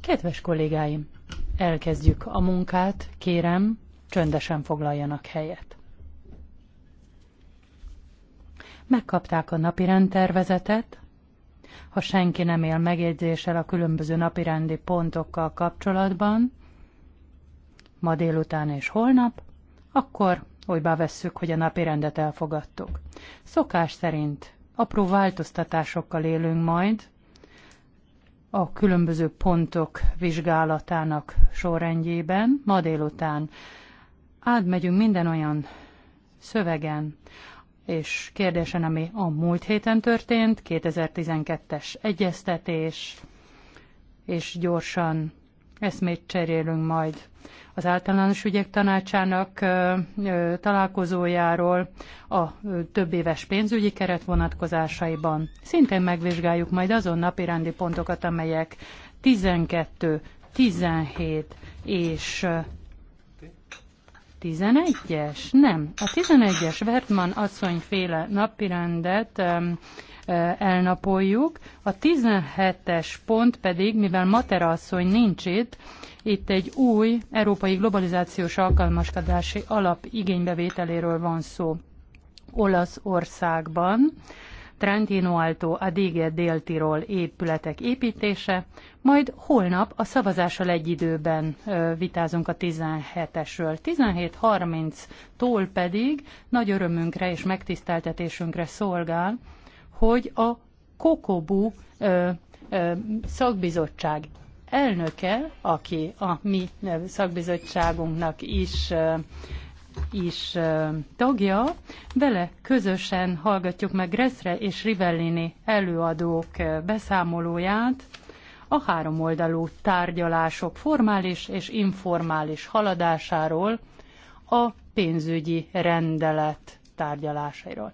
Kedves kollégáim, elkezdjük a munkát, kérem, csöndesen foglaljanak helyet. Megkapták a napi rendtervezetet, ha senki nem él megjegyzéssel a különböző napirendi pontokkal kapcsolatban, ma délután és holnap, akkor olybá vesszük, hogy a napirendet elfogadtuk. Szokás szerint apró változtatásokkal élünk majd a különböző pontok vizsgálatának sorrendjében. Ma délután átmegyünk minden olyan szövegen, és kérdésen, ami a múlt héten történt, 2012-es egyeztetés, és gyorsan eszmét cserélünk majd az általános ügyek tanácsának találkozójáról a több éves pénzügyi keret vonatkozásaiban. Szintén megvizsgáljuk majd azon rendi pontokat, amelyek 12, 17 és 11-es? Nem. A 11-es Vertman asszonyféle napirendet elnapoljuk. A 17-es pont pedig, mivel Matera asszony nincs itt, itt egy új európai globalizációs alkalmaskodási alap igénybevételéről van szó Olaszországban. Trentino Alto Adige déltiról épületek építése, majd holnap a szavazással egy időben vitázunk a 17-esről. 17.30-tól pedig nagy örömünkre és megtiszteltetésünkre szolgál, hogy a Kokobu ö, ö, szakbizottság elnöke, aki a mi szakbizottságunknak is ö, is tagja. Vele közösen hallgatjuk meg Gressre és Rivellini előadók beszámolóját a háromoldalú tárgyalások formális és informális haladásáról, a pénzügyi rendelet tárgyalásairól.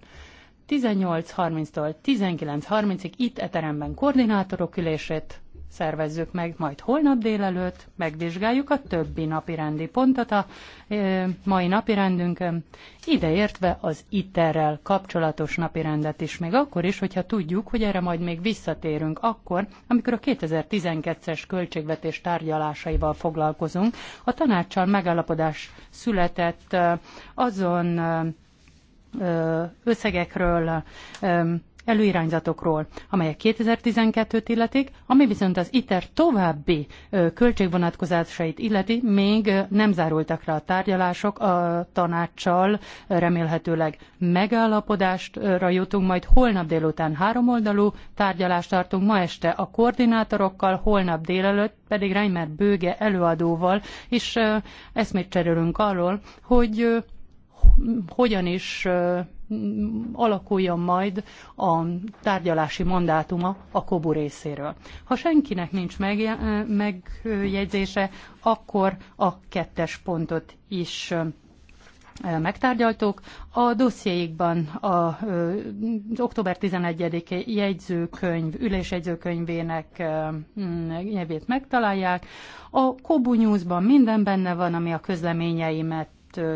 18.30-tól 19.30-ig itt eteremben koordinátorok ülését szervezzük meg, majd holnap délelőtt megvizsgáljuk a többi napi rendi pontot a e, mai napi rendünkön, ideértve az ITER-rel kapcsolatos napi rendet is, még akkor is, hogyha tudjuk, hogy erre majd még visszatérünk akkor, amikor a 2012-es költségvetés tárgyalásaival foglalkozunk. A tanácssal megállapodás született azon összegekről, előirányzatokról, amelyek 2012-t illetik, ami viszont az ITER további költségvonatkozásait illeti, még nem zárultak le a tárgyalások a tanácssal, remélhetőleg megállapodástra jutunk, majd holnap délután háromoldalú tárgyalást tartunk, ma este a koordinátorokkal, holnap délelőtt pedig Reimer Bőge előadóval, és eszmét cserélünk arról, hogy hogyan is alakuljon majd a tárgyalási mandátuma a kobu részéről. Ha senkinek nincs megjegyzése, akkor a kettes pontot is megtárgyaltuk. A dossziékban az október 11-i jegyzőkönyv, ülésjegyzőkönyvének nyelvét megtalálják. A Kobu News-ban minden benne van, ami a közleményeimet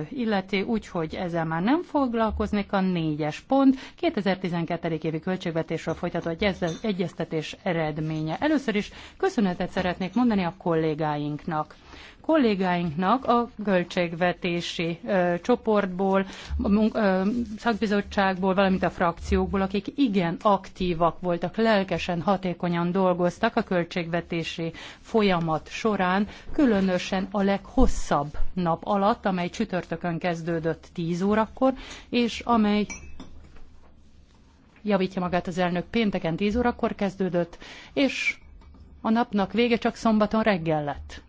illeti, úgyhogy ezzel már nem foglalkoznék a négyes pont. 2012. évi költségvetésről folytatott egyeztetés eredménye. Először is köszönetet szeretnék mondani a kollégáinknak. Kollégáinknak a költségvetési ö, csoportból, a munk, ö, szakbizottságból, valamint a frakciókból, akik igen aktívak voltak, lelkesen, hatékonyan dolgoztak a költségvetési folyamat során, különösen a leghosszabb nap alatt, amely csütörtökön kezdődött 10 órakor, és amely javítja magát az elnök, pénteken 10 órakor kezdődött, és a napnak vége csak szombaton reggel lett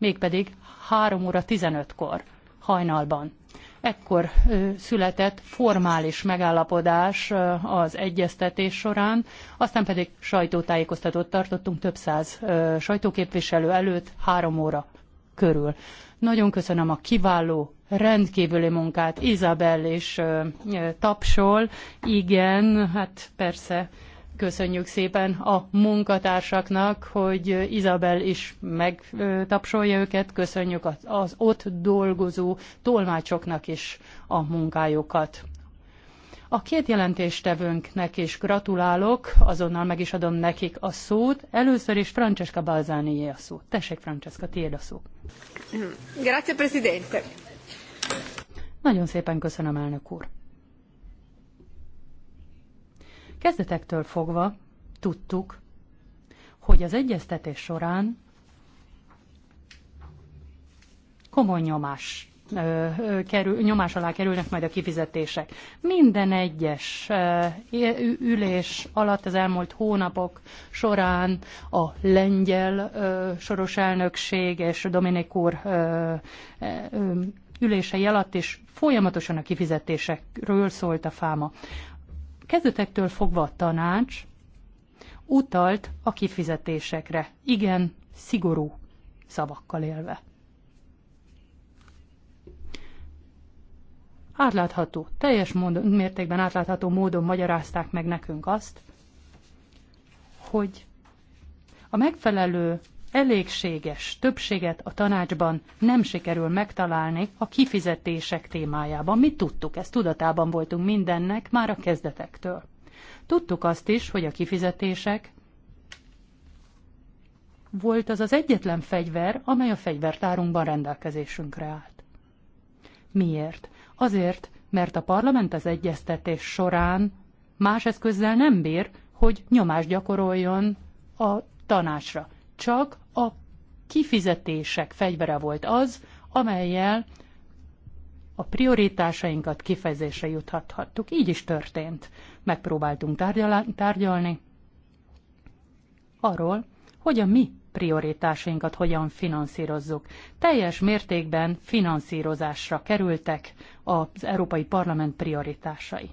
mégpedig 3 óra 15-kor hajnalban. Ekkor született formális megállapodás az egyeztetés során, aztán pedig sajtótájékoztatót tartottunk több száz sajtóképviselő előtt három óra körül. Nagyon köszönöm a kiváló, rendkívüli munkát. Izabel és tapsol. Igen, hát persze Köszönjük szépen a munkatársaknak, hogy Izabel is megtapsolja őket. Köszönjük az, az ott dolgozó tolmácsoknak is a munkájukat. A két jelentéstevőnknek is gratulálok, azonnal meg is adom nekik a szót. Először is Francesca Balzanié a szó. Tessék, Francesca, tiéd a szó. Grazie, Presidente. Nagyon szépen köszönöm, elnök úr. Kezdetektől fogva tudtuk, hogy az egyeztetés során komoly nyomás kerül, nyomás alá kerülnek majd a kifizetések. Minden egyes ülés alatt az elmúlt hónapok során a lengyel soros elnökség és Dominik úr ülései alatt is folyamatosan a kifizetésekről szólt a fáma. Kezdetektől fogva a tanács utalt a kifizetésekre, igen, szigorú szavakkal élve. átlátható, teljes módon, mértékben átlátható módon magyarázták meg nekünk azt, hogy a megfelelő elégséges többséget a tanácsban nem sikerül megtalálni a kifizetések témájában. Mi tudtuk, ezt tudatában voltunk mindennek már a kezdetektől. Tudtuk azt is, hogy a kifizetések volt az az egyetlen fegyver, amely a fegyvertárunkban rendelkezésünkre állt. Miért? Azért, mert a parlament az egyeztetés során más eszközzel nem bír, hogy nyomást gyakoroljon a tanácsra csak a kifizetések fegyvere volt az, amelyel a prioritásainkat kifejezésre juthathattuk. Így is történt. Megpróbáltunk tárgyal- tárgyalni arról, hogy a mi prioritásainkat hogyan finanszírozzuk. Teljes mértékben finanszírozásra kerültek az Európai Parlament prioritásai.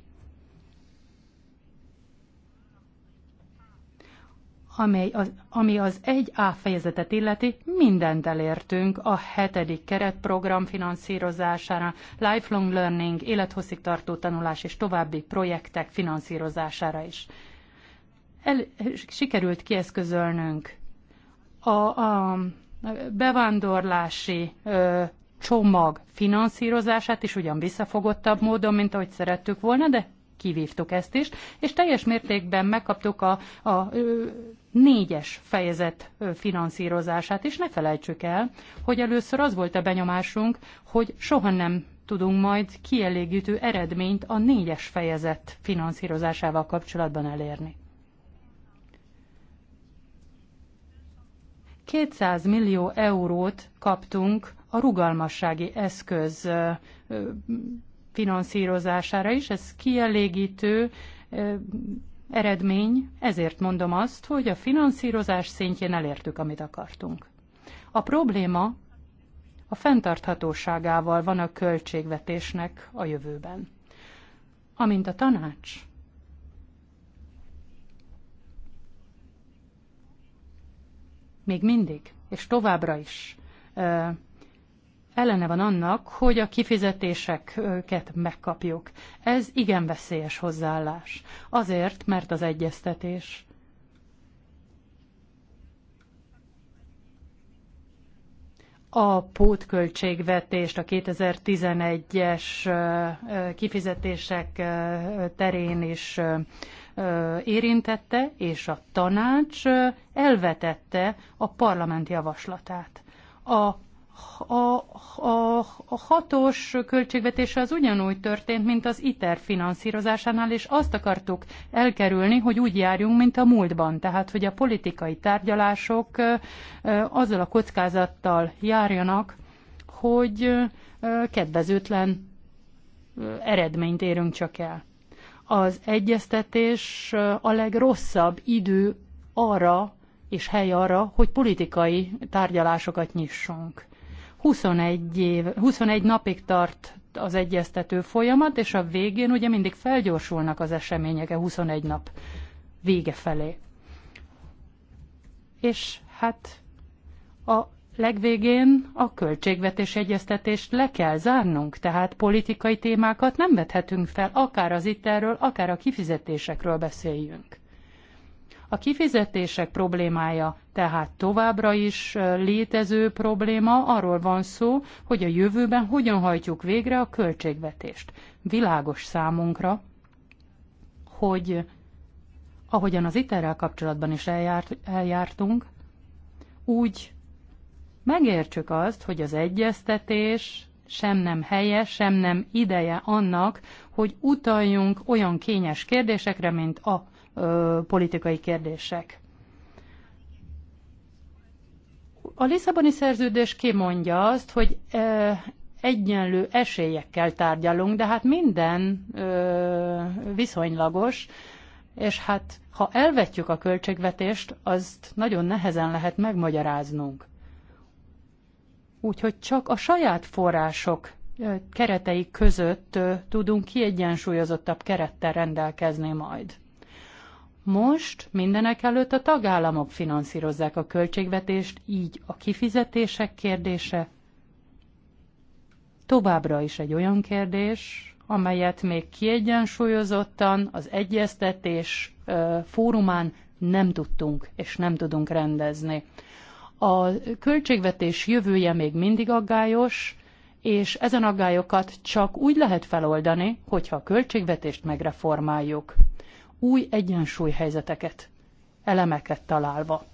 amely az, ami az 1A fejezetet illeti, mindent elértünk a hetedik keretprogram finanszírozására, lifelong learning, élethosszígtartó tanulás és további projektek finanszírozására is. El, sikerült kieszközölnünk a, a bevándorlási ö, csomag finanszírozását is ugyan visszafogottabb módon, mint ahogy szerettük volna, de kivívtuk ezt is, és teljes mértékben megkaptuk a, a négyes fejezet finanszírozását, és ne felejtsük el, hogy először az volt a benyomásunk, hogy soha nem tudunk majd kielégítő eredményt a négyes fejezet finanszírozásával kapcsolatban elérni. 200 millió eurót kaptunk a rugalmassági eszköz finanszírozására is. Ez kielégítő eredmény, ezért mondom azt, hogy a finanszírozás szintjén elértük, amit akartunk. A probléma a fenntarthatóságával van a költségvetésnek a jövőben. Amint a tanács még mindig, és továbbra is ellene van annak, hogy a kifizetéseket megkapjuk. Ez igen veszélyes hozzáállás. Azért, mert az egyeztetés a pótköltségvetést a 2011-es kifizetések terén is érintette, és a tanács elvetette a parlament javaslatát. A a, a, a hatos költségvetése az ugyanúgy történt, mint az ITER finanszírozásánál, és azt akartuk elkerülni, hogy úgy járjunk, mint a múltban. Tehát, hogy a politikai tárgyalások azzal a kockázattal járjanak, hogy kedvezőtlen eredményt érünk csak el. Az egyeztetés a legrosszabb idő arra, és hely arra, hogy politikai tárgyalásokat nyissunk. 21, év, 21 napig tart az egyeztető folyamat, és a végén ugye mindig felgyorsulnak az események a 21 nap vége felé. És hát a legvégén a költségvetés egyeztetést le kell zárnunk, tehát politikai témákat nem vethetünk fel, akár az itt erről, akár a kifizetésekről beszéljünk. A kifizetések problémája tehát továbbra is létező probléma, arról van szó, hogy a jövőben hogyan hajtjuk végre a költségvetést. Világos számunkra, hogy ahogyan az iterrel kapcsolatban is eljárt, eljártunk, úgy megértsük azt, hogy az egyeztetés sem nem helye, sem nem ideje annak, hogy utaljunk olyan kényes kérdésekre, mint a ö, politikai kérdések. A Lisszaboni szerződés kimondja azt, hogy ö, egyenlő esélyekkel tárgyalunk, de hát minden ö, viszonylagos, és hát ha elvetjük a költségvetést, azt nagyon nehezen lehet megmagyaráznunk. Úgyhogy csak a saját források keretei között tudunk kiegyensúlyozottabb kerettel rendelkezni majd. Most mindenek előtt a tagállamok finanszírozzák a költségvetést, így a kifizetések kérdése továbbra is egy olyan kérdés, amelyet még kiegyensúlyozottan az egyeztetés fórumán nem tudtunk és nem tudunk rendezni. A költségvetés jövője még mindig aggályos, és ezen aggályokat csak úgy lehet feloldani, hogyha a költségvetést megreformáljuk új egyensúlyhelyzeteket, elemeket találva.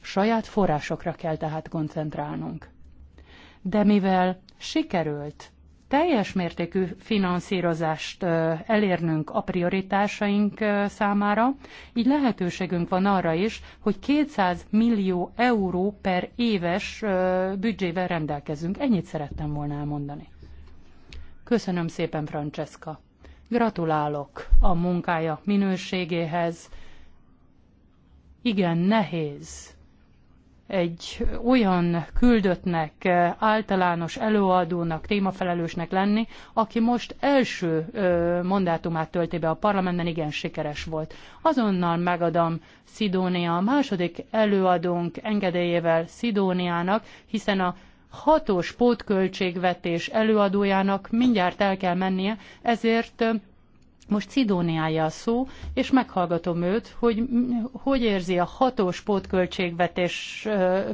Saját forrásokra kell tehát koncentrálnunk. De mivel sikerült teljes mértékű finanszírozást elérnünk a prioritásaink számára, így lehetőségünk van arra is, hogy 200 millió euró per éves büdzsével rendelkezünk. Ennyit szerettem volna elmondani. Köszönöm szépen, Francesca. Gratulálok a munkája minőségéhez. Igen, nehéz egy olyan küldöttnek, általános előadónak, témafelelősnek lenni, aki most első mandátumát tölti be a parlamentben, igen sikeres volt. Azonnal megadom Szidónia a második előadónk engedélyével Szidóniának, hiszen a hatos pótköltségvetés előadójának mindjárt el kell mennie, ezért most Cidóniája a szó, és meghallgatom őt, hogy hogy érzi a hatós pótköltségvetés,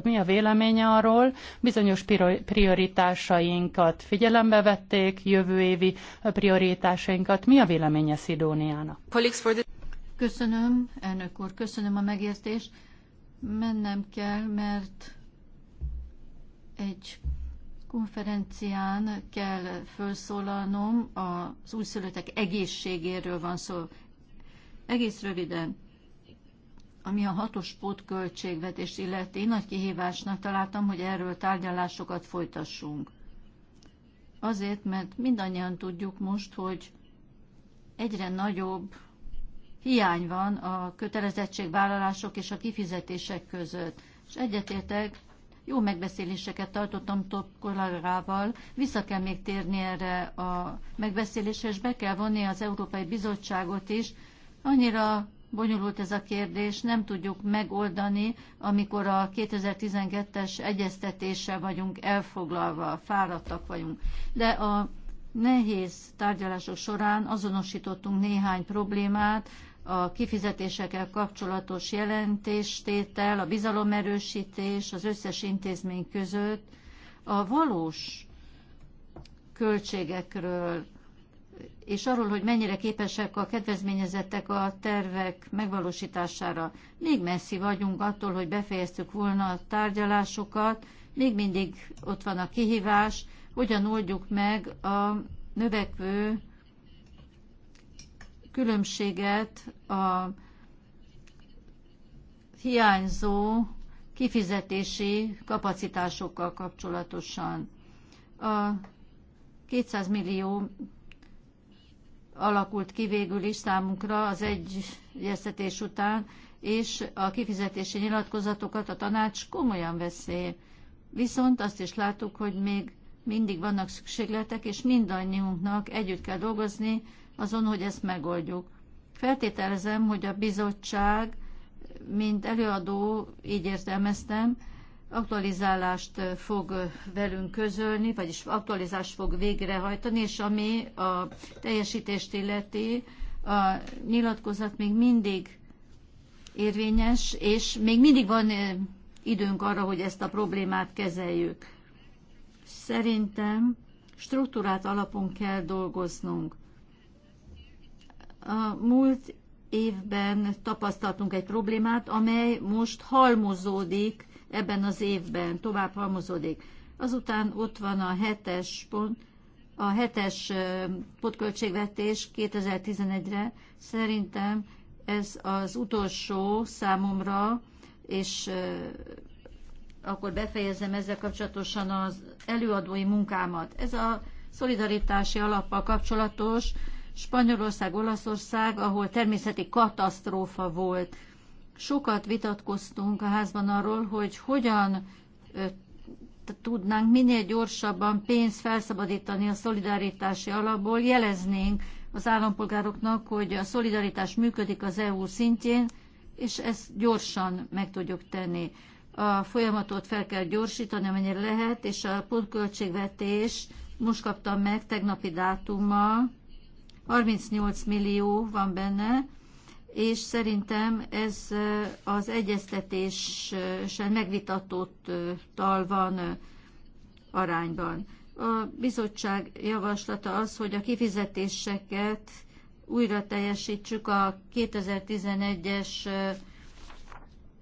mi a véleménye arról. Bizonyos prioritásainkat figyelembe vették, jövő évi prioritásainkat. Mi a véleménye Cidóniának? Köszönöm, elnök úr, köszönöm a megértést. Mennem kell, mert egy konferencián kell felszólalnom, az újszülöttek egészségéről van szó. Egész röviden, ami a hatos pótköltségvetést illeti, nagy kihívásnak találtam, hogy erről tárgyalásokat folytassunk. Azért, mert mindannyian tudjuk most, hogy egyre nagyobb hiány van a kötelezettségvállalások és a kifizetések között. És egyetértek jó megbeszéléseket tartottam Top kollégával, vissza kell még térni erre a megbeszélésre, és be kell vonni az Európai Bizottságot is. Annyira bonyolult ez a kérdés, nem tudjuk megoldani, amikor a 2012-es egyeztetéssel vagyunk elfoglalva, fáradtak vagyunk. De a nehéz tárgyalások során azonosítottunk néhány problémát, a kifizetésekkel kapcsolatos jelentéstétel, a bizalomerősítés az összes intézmény között a valós költségekről és arról, hogy mennyire képesek a kedvezményezettek a tervek megvalósítására. Még messzi vagyunk attól, hogy befejeztük volna a tárgyalásokat, még mindig ott van a kihívás, hogyan oldjuk meg a növekvő különbséget a hiányzó kifizetési kapacitásokkal kapcsolatosan. A 200 millió alakult ki végül is számunkra az egyeztetés után, és a kifizetési nyilatkozatokat a tanács komolyan veszi. Viszont azt is láttuk, hogy még mindig vannak szükségletek, és mindannyiunknak együtt kell dolgozni azon, hogy ezt megoldjuk. Feltételezem, hogy a bizottság, mint előadó, így értelmeztem, aktualizálást fog velünk közölni, vagyis aktualizást fog végrehajtani, és ami a teljesítést illeti, a nyilatkozat még mindig érvényes, és még mindig van eh, időnk arra, hogy ezt a problémát kezeljük. Szerintem struktúrát alapon kell dolgoznunk. A múlt évben tapasztaltunk egy problémát, amely most halmozódik ebben az évben, tovább halmozódik. Azután ott van a hetes pont, a hetes potköltségvetés 2011-re. Szerintem ez az utolsó számomra, és akkor befejezem ezzel kapcsolatosan az előadói munkámat. Ez a szolidaritási alappal kapcsolatos Spanyolország, Olaszország, ahol természeti katasztrófa volt. Sokat vitatkoztunk a házban arról, hogy hogyan tudnánk minél gyorsabban pénzt felszabadítani a szolidaritási alapból, jeleznénk az állampolgároknak, hogy a szolidaritás működik az EU szintjén, és ezt gyorsan meg tudjuk tenni. A folyamatot fel kell gyorsítani, amennyire lehet, és a pontköltségvetés most kaptam meg tegnapi dátummal, 38 millió van benne, és szerintem ez az egyeztetésen tal van arányban. A bizottság javaslata az, hogy a kifizetéseket újra teljesítsük a 2011-es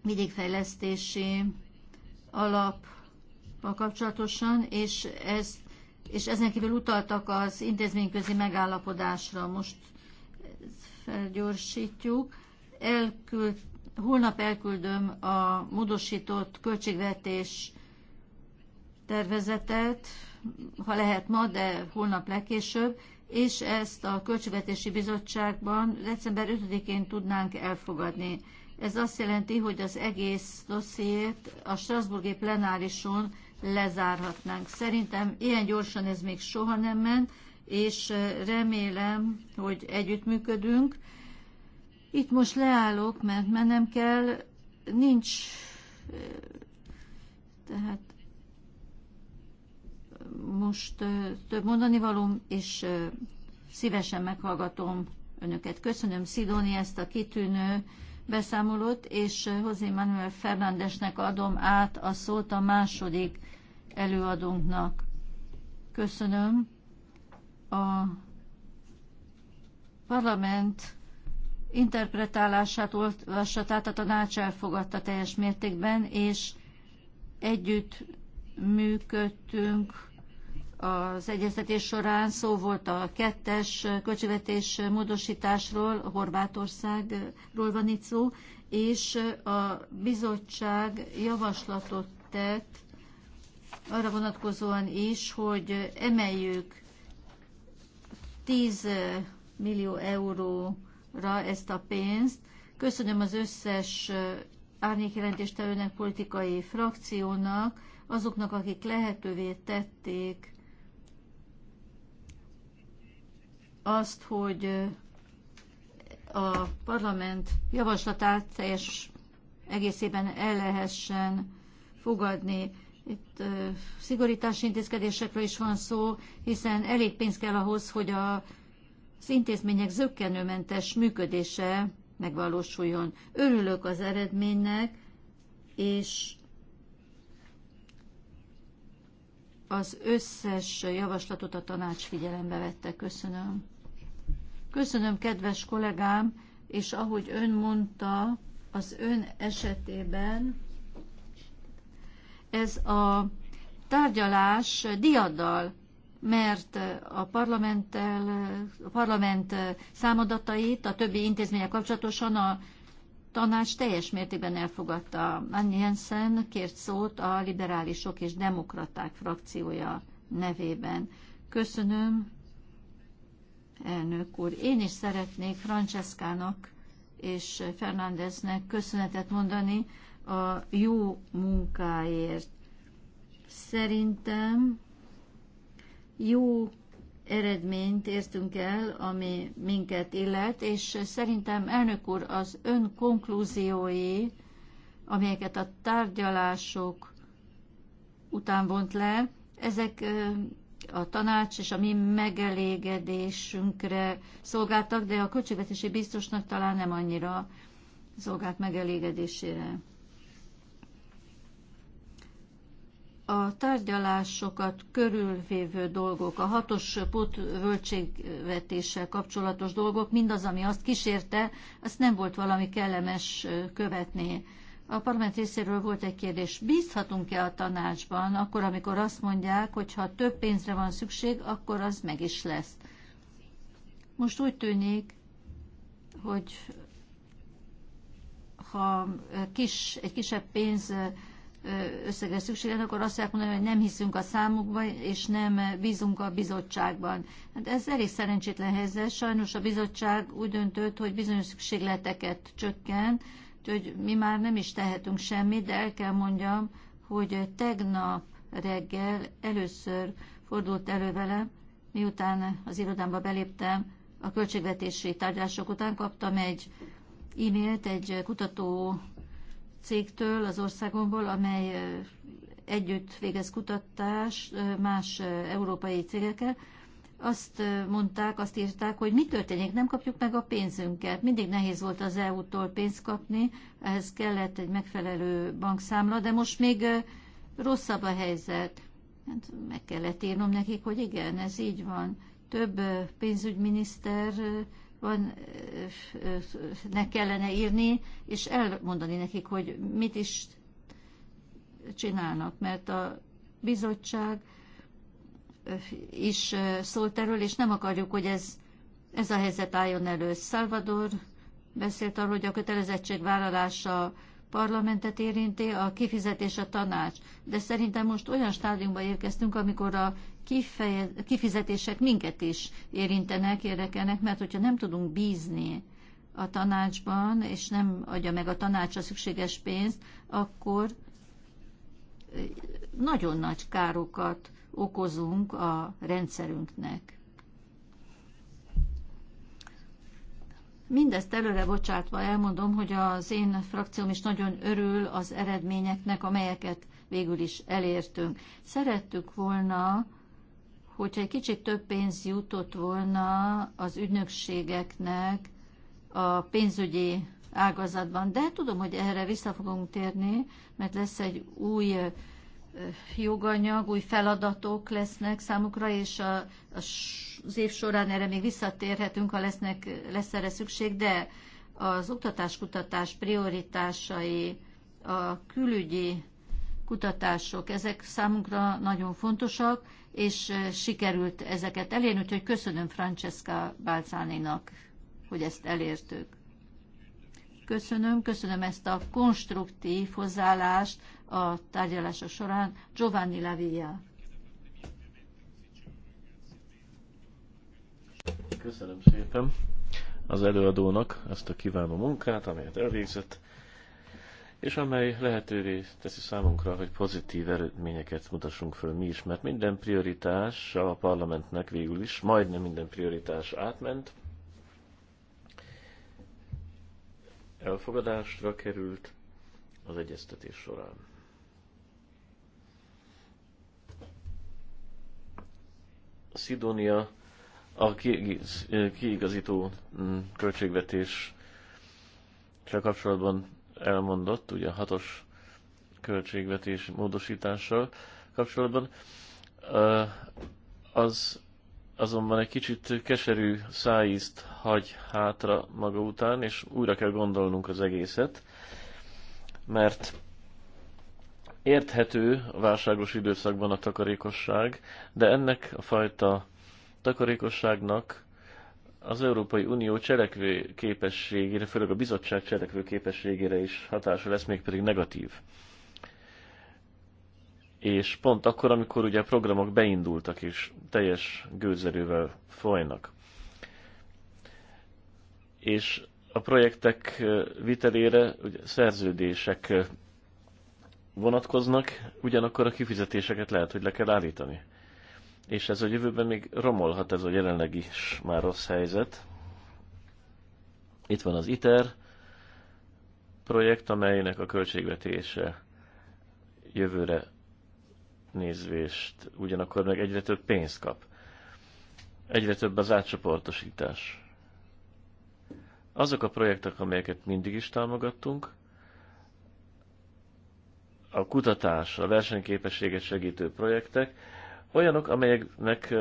vidékfejlesztési alap kapcsolatosan, és ezt és ezen kívül utaltak az intézményközi megállapodásra. Most felgyorsítjuk. Elküld, holnap elküldöm a módosított költségvetés tervezetet, ha lehet ma, de holnap legkésőbb, és ezt a Költségvetési Bizottságban december 5-én tudnánk elfogadni. Ez azt jelenti, hogy az egész dossziét a Strasburgi plenárison lezárhatnánk. Szerintem ilyen gyorsan ez még soha nem ment, és remélem, hogy együttműködünk. Itt most leállok, mert mennem kell. Nincs, tehát most több mondani valóm, és szívesen meghallgatom önöket. Köszönöm Szidóni ezt a kitűnő beszámolót, és José Manuel Fernándesnek adom át a szót a második előadónknak. Köszönöm. A parlament interpretálását, olvasatát a tanács elfogadta teljes mértékben, és együtt működtünk az egyeztetés során. Szó volt a kettes költségvetés módosításról, Horvátországról van itt szó, és a bizottság javaslatot tett arra vonatkozóan is, hogy emeljük 10 eh, millió euróra ezt a pénzt. Köszönöm az összes eh, árnyékjelentéstevőnek, politikai frakciónak, azoknak, akik lehetővé tették azt, hogy eh, a parlament javaslatát teljes egészében el lehessen fogadni. Itt szigorítási intézkedésekről is van szó, hiszen elég pénz kell ahhoz, hogy a, az intézmények zöggenőmentes működése megvalósuljon. Örülök az eredménynek, és az összes javaslatot a tanács figyelembe vette. Köszönöm. Köszönöm, kedves kollégám, és ahogy ön mondta, az ön esetében ez a tárgyalás diaddal, mert a, parlamenttel, a parlament számadatait a többi intézménye kapcsolatosan a tanács teljes mértékben elfogadta. Anni Jensen kért szót a liberálisok és demokraták frakciója nevében. Köszönöm, elnök úr. Én is szeretnék Francescának és Fernándeznek köszönetet mondani a jó munkáért. Szerintem jó eredményt értünk el, ami minket illet, és szerintem, elnök úr, az ön konklúziói, amelyeket a tárgyalások után vont le, ezek a tanács és a mi megelégedésünkre szolgáltak, de a költségvetési biztosnak talán nem annyira szolgált megelégedésére. a tárgyalásokat körülvévő dolgok, a hatos pótvöltségvetéssel kapcsolatos dolgok, mindaz, ami azt kísérte, azt nem volt valami kellemes követni. A parlament részéről volt egy kérdés. Bízhatunk-e a tanácsban, akkor, amikor azt mondják, hogy ha több pénzre van szükség, akkor az meg is lesz? Most úgy tűnik, hogy ha kis, egy kisebb pénz összegre szükségen, akkor azt fogják mondani, hogy nem hiszünk a számukba, és nem bízunk a bizottságban. Hát ez elég szerencsétlen helyzet. Sajnos a bizottság úgy döntött, hogy bizonyos szükségleteket csökkent, úgyhogy mi már nem is tehetünk semmit, de el kell mondjam, hogy tegnap reggel először fordult elő vele, miután az irodámba beléptem, a költségvetési tárgyalások után kaptam egy e-mailt egy kutató cégtől az országomból, amely együtt végez kutatást más európai cégekkel, azt mondták, azt írták, hogy mi történik, nem kapjuk meg a pénzünket. Mindig nehéz volt az EU-tól pénzt kapni, ehhez kellett egy megfelelő bankszámla, de most még rosszabb a helyzet. Hát meg kellett írnom nekik, hogy igen, ez így van. Több pénzügyminiszter van, ne kellene írni, és elmondani nekik, hogy mit is csinálnak, mert a bizottság is szólt erről, és nem akarjuk, hogy ez, ez a helyzet álljon elő. Salvador beszélt arról, hogy a kötelezettségvállalása parlamentet érinti, a kifizetés a tanács. De szerintem most olyan stádiumba érkeztünk, amikor a kifeje, kifizetések minket is érintenek, érdekelnek, mert hogyha nem tudunk bízni a tanácsban, és nem adja meg a tanács a szükséges pénzt, akkor eh, nagyon nagy károkat okozunk a rendszerünknek. Mindezt előre bocsátva elmondom, hogy az én frakcióm is nagyon örül az eredményeknek, amelyeket végül is elértünk. Szerettük volna, hogyha egy kicsit több pénz jutott volna az ügynökségeknek a pénzügyi ágazatban, de tudom, hogy erre vissza fogunk térni, mert lesz egy új joganyag, új feladatok lesznek számukra, és a, a az év során erre még visszatérhetünk, ha lesznek, lesz erre szükség, de az oktatáskutatás prioritásai, a külügyi kutatások, ezek számunkra nagyon fontosak, és sikerült ezeket elérni, úgyhogy köszönöm Francesca Balcáninak, hogy ezt elértük. Köszönöm, köszönöm ezt a konstruktív hozzáállást a tárgyalások során. Giovanni Lavia. Köszönöm szépen az előadónak ezt a kiváló munkát, amelyet elvégzett, és amely lehetővé teszi számunkra, hogy pozitív eredményeket mutassunk föl mi is, mert minden prioritás a parlamentnek végül is, majdnem minden prioritás átment, elfogadásra került az egyeztetés során. Szidónia a kiigazító mm, költségvetés csak kapcsolatban elmondott, ugye a hatos költségvetés módosítással kapcsolatban, az azonban egy kicsit keserű szájízt hagy hátra maga után, és újra kell gondolnunk az egészet, mert érthető a válságos időszakban a takarékosság, de ennek a fajta takarékosságnak az Európai Unió cselekvő képességére, főleg a bizottság cselekvő képességére is hatása lesz, mégpedig negatív. És pont akkor, amikor ugye a programok beindultak és teljes gőzerővel folynak. És a projektek vitelére ugye, szerződések vonatkoznak, ugyanakkor a kifizetéseket lehet, hogy le kell állítani és ez a jövőben még romolhat ez a jelenleg is már rossz helyzet. Itt van az ITER projekt, amelynek a költségvetése jövőre nézvést, ugyanakkor meg egyre több pénzt kap. Egyre több az átcsoportosítás. Azok a projektek, amelyeket mindig is támogattunk, a kutatás, a versenyképességet segítő projektek, olyanok, amelyeknek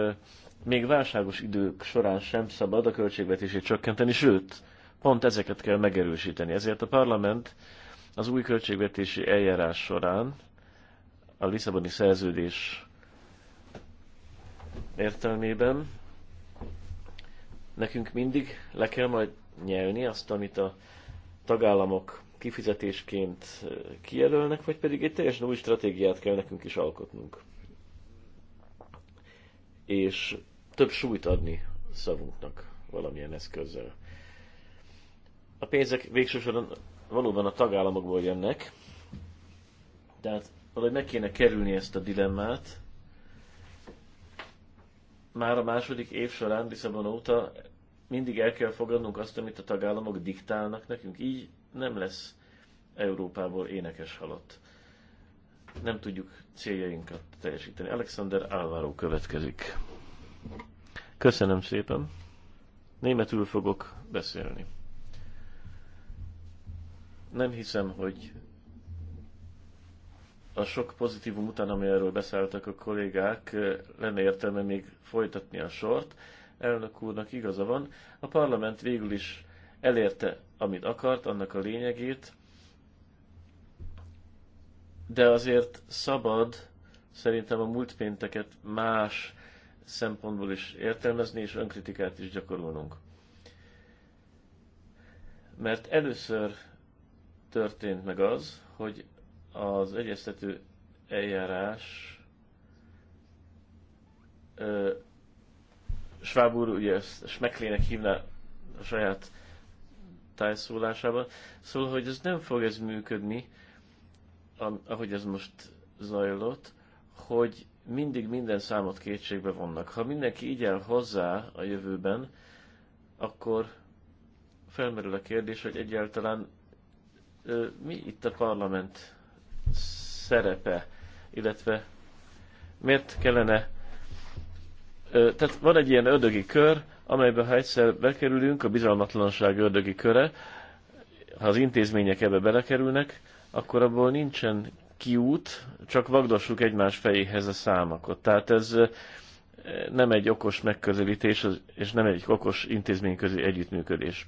még válságos idők során sem szabad a költségvetését csökkenteni, sőt, pont ezeket kell megerősíteni. Ezért a parlament az új költségvetési eljárás során a Lisszaboni szerződés értelmében nekünk mindig le kell majd nyelni azt, amit a tagállamok kifizetésként kijelölnek, vagy pedig egy teljesen új stratégiát kell nekünk is alkotnunk és több súlyt adni szavunknak valamilyen eszközzel. A pénzek végső soron valóban a tagállamokból jönnek, tehát valahogy meg kéne kerülni ezt a dilemmát. Már a második év során, Lisszabon óta mindig el kell fogadnunk azt, amit a tagállamok diktálnak nekünk. Így nem lesz Európából énekes halott nem tudjuk céljainkat teljesíteni. Alexander Álváró következik. Köszönöm szépen. Németül fogok beszélni. Nem hiszem, hogy a sok pozitívum után, amiről beszálltak a kollégák, lenne értelme még folytatni a sort. Elnök úrnak igaza van. A parlament végül is elérte, amit akart, annak a lényegét, de azért szabad szerintem a múlt pénteket más szempontból is értelmezni, és önkritikát is gyakorolnunk. Mert először történt meg az, hogy az egyeztető eljárás Schwab úr ugye ezt Smeklének hívná a saját tájszólásában, szóval, hogy ez nem fog ez működni, ahogy ez most zajlott, hogy mindig minden számot kétségbe vannak. Ha mindenki így el hozzá a jövőben, akkor felmerül a kérdés, hogy egyáltalán mi itt a parlament szerepe, illetve miért kellene. tehát van egy ilyen ördögi kör, amelybe ha egyszer bekerülünk, a bizalmatlanság ördögi köre, ha az intézmények ebbe belekerülnek, akkor abból nincsen kiút, csak vagdossuk egymás fejéhez a számokat. Tehát ez eh, nem egy okos megközelítés, és nem egy okos intézményközi együttműködés.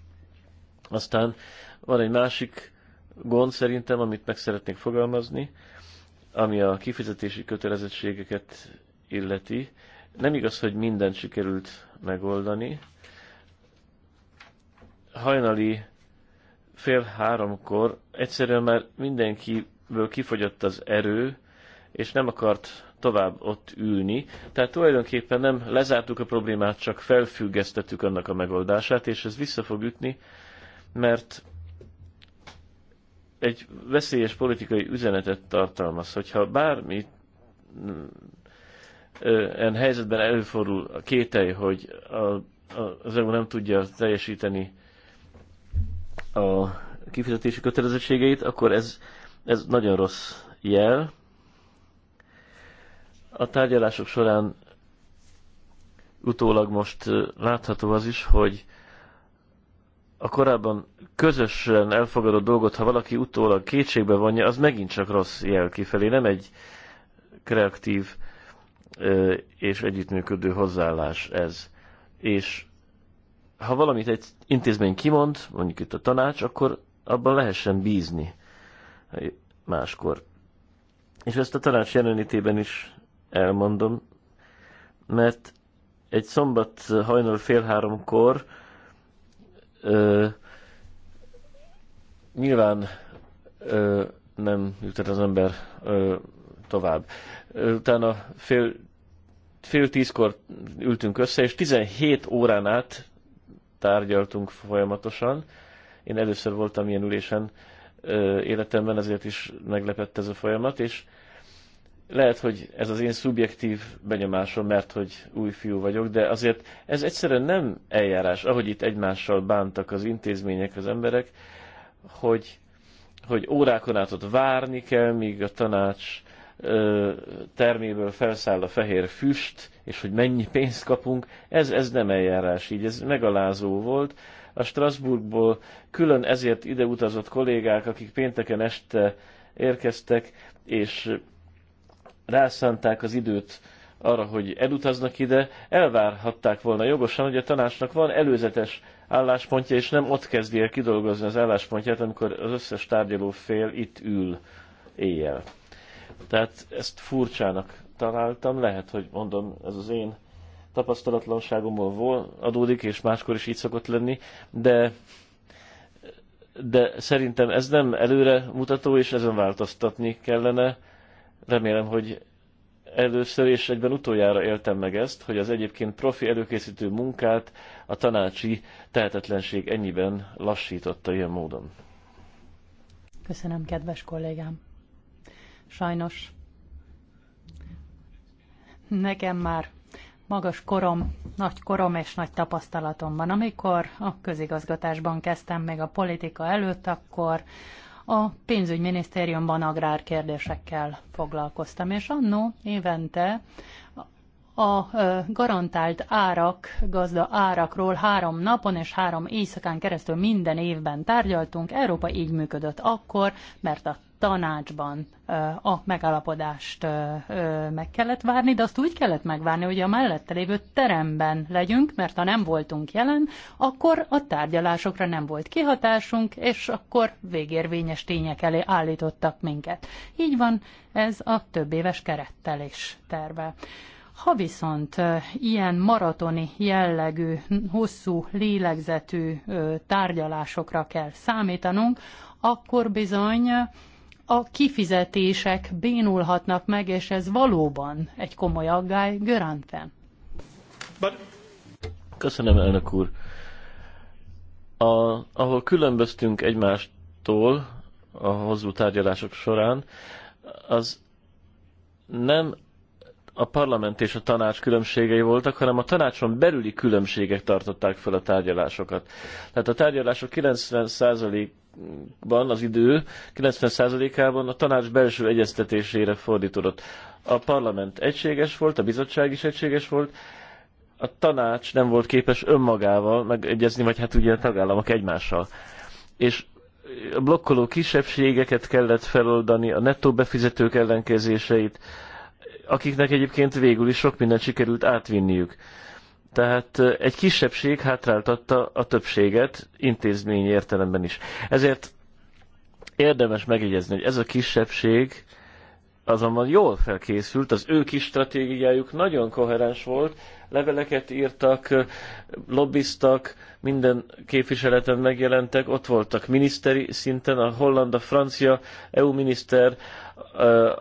Aztán van egy másik gond szerintem, amit meg szeretnék fogalmazni, ami a kifizetési kötelezettségeket illeti. Nem igaz, hogy mindent sikerült megoldani. Hajnali fél háromkor egyszerűen már mindenkiből kifogyott az erő, és nem akart tovább ott ülni. Tehát tulajdonképpen nem lezártuk a problémát, csak felfüggesztettük annak a megoldását, és ez vissza fog ütni, mert egy veszélyes politikai üzenetet tartalmaz, hogyha bármi en helyzetben előfordul a kételj, hogy a, a, az EU nem tudja teljesíteni a kifizetési kötelezettségeit, akkor ez, ez nagyon rossz jel. A tárgyalások során utólag most látható az is, hogy a korábban közösen elfogadott dolgot, ha valaki utólag kétségbe vonja, az megint csak rossz jel kifelé, nem egy kreatív és együttműködő hozzáállás ez. És ha valamit egy intézmény kimond, mondjuk itt a tanács, akkor abban lehessen bízni máskor. És ezt a tanács jelenlétében is elmondom, mert egy szombat hajnal fél háromkor ö, nyilván ö, nem jut az ember ö, tovább. Utána fél, fél tízkor ültünk össze, és 17 órán át tárgyaltunk folyamatosan. Én először voltam ilyen ülésen életemben, ezért is meglepett ez a folyamat, és lehet, hogy ez az én szubjektív benyomásom, mert hogy új fiú vagyok, de azért ez egyszerűen nem eljárás, ahogy itt egymással bántak az intézmények, az emberek, hogy, hogy órákon át ott várni kell, míg a tanács terméből felszáll a fehér füst, és hogy mennyi pénzt kapunk, ez, ez nem eljárás így, ez megalázó volt. A Strasbourgból külön ezért ide utazott kollégák, akik pénteken este érkeztek, és rászánták az időt arra, hogy elutaznak ide, elvárhatták volna jogosan, hogy a tanácsnak van előzetes álláspontja, és nem ott kezdi el kidolgozni az álláspontját, amikor az összes tárgyaló fél itt ül éjjel. Tehát ezt furcsának találtam, lehet, hogy mondom, ez az én tapasztalatlanságomból adódik, és máskor is így szokott lenni, de, de szerintem ez nem előre mutató, és ezen változtatni kellene. Remélem, hogy először és egyben utoljára éltem meg ezt, hogy az egyébként profi előkészítő munkát a tanácsi tehetetlenség ennyiben lassította ilyen módon. Köszönöm, kedves kollégám! Sajnos nekem már magas korom, nagy korom és nagy tapasztalatom van. Amikor a közigazgatásban kezdtem meg a politika előtt, akkor a pénzügyminisztériumban agrárkérdésekkel foglalkoztam, és annó évente a garantált árak, gazda árakról három napon és három éjszakán keresztül minden évben tárgyaltunk. Európa így működött akkor, mert a tanácsban a megállapodást meg kellett várni, de azt úgy kellett megvárni, hogy a mellette lévő teremben legyünk, mert ha nem voltunk jelen, akkor a tárgyalásokra nem volt kihatásunk, és akkor végérvényes tények elé állítottak minket. Így van ez a több éves kerettel is terve. Ha viszont ilyen maratoni jellegű, hosszú lélegzetű tárgyalásokra kell számítanunk, akkor bizony a kifizetések bénulhatnak meg, és ez valóban egy komoly aggály. Göránfen. Köszönöm, elnök úr. A, ahol különböztünk egymástól a hozzú tárgyalások során, az nem a parlament és a tanács különbségei voltak, hanem a tanácson belüli különbségek tartották fel a tárgyalásokat. Tehát a tárgyalások 90% ban az idő 90%-ában a tanács belső egyeztetésére fordítódott. A parlament egységes volt, a bizottság is egységes volt, a tanács nem volt képes önmagával megegyezni, vagy hát ugye a tagállamok egymással. És a blokkoló kisebbségeket kellett feloldani, a nettó befizetők ellenkezéseit, akiknek egyébként végül is sok mindent sikerült átvinniük. Tehát egy kisebbség hátráltatta a többséget intézményi értelemben is. Ezért érdemes megjegyezni, hogy ez a kisebbség azonban jól felkészült, az ő kis stratégiájuk nagyon koherens volt, leveleket írtak, lobbiztak, minden képviseleten megjelentek, ott voltak miniszteri szinten, a holland, a francia EU miniszter,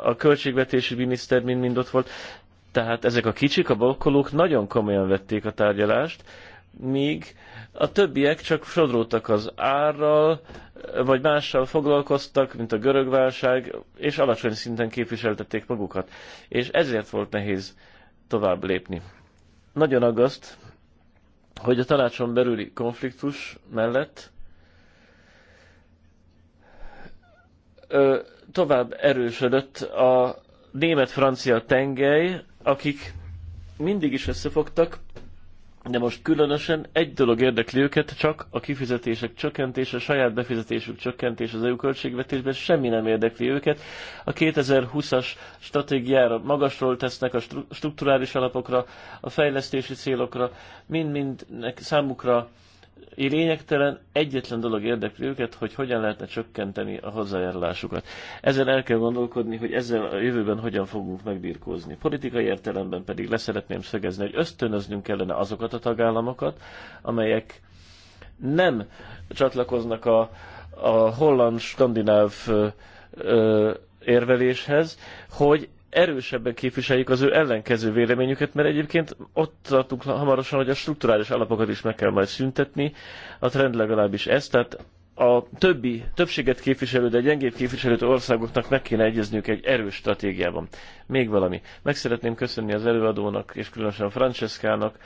a költségvetési miniszter mind-mind ott volt. Tehát ezek a kicsik, a blokkolók nagyon komolyan vették a tárgyalást, míg a többiek csak sodródtak az árral, vagy mással foglalkoztak, mint a görög válság, és alacsony szinten képviseltették magukat. És ezért volt nehéz tovább lépni. Nagyon aggaszt, hogy a tanácson belüli konfliktus mellett ö, tovább erősödött a német-francia tengely, akik mindig is összefogtak, de most különösen egy dolog érdekli őket, csak a kifizetések csökkentése, a saját befizetésük csökkentése az EU költségvetésben, semmi nem érdekli őket. A 2020-as stratégiára magasról tesznek a strukturális alapokra, a fejlesztési célokra, mind-mindnek számukra lényegtelen, egyetlen dolog érdekli őket, hogy hogyan lehetne csökkenteni a hozzájárulásukat. Ezzel el kell gondolkodni, hogy ezzel a jövőben hogyan fogunk megbirkózni. Politikai értelemben pedig leszeretném szögezni, hogy ösztönöznünk kellene azokat a tagállamokat, amelyek nem csatlakoznak a, a holland-skandináv érveléshez, hogy erősebben képviseljük az ő ellenkező véleményüket, mert egyébként ott tartunk hamarosan, hogy a strukturális alapokat is meg kell majd szüntetni, a trend legalábbis ez, tehát a többi, többséget képviselő, de gyengébb képviselő országoknak meg kéne egyezniük egy erős stratégiában. Még valami. Meg szeretném köszönni az előadónak, és különösen Franceskának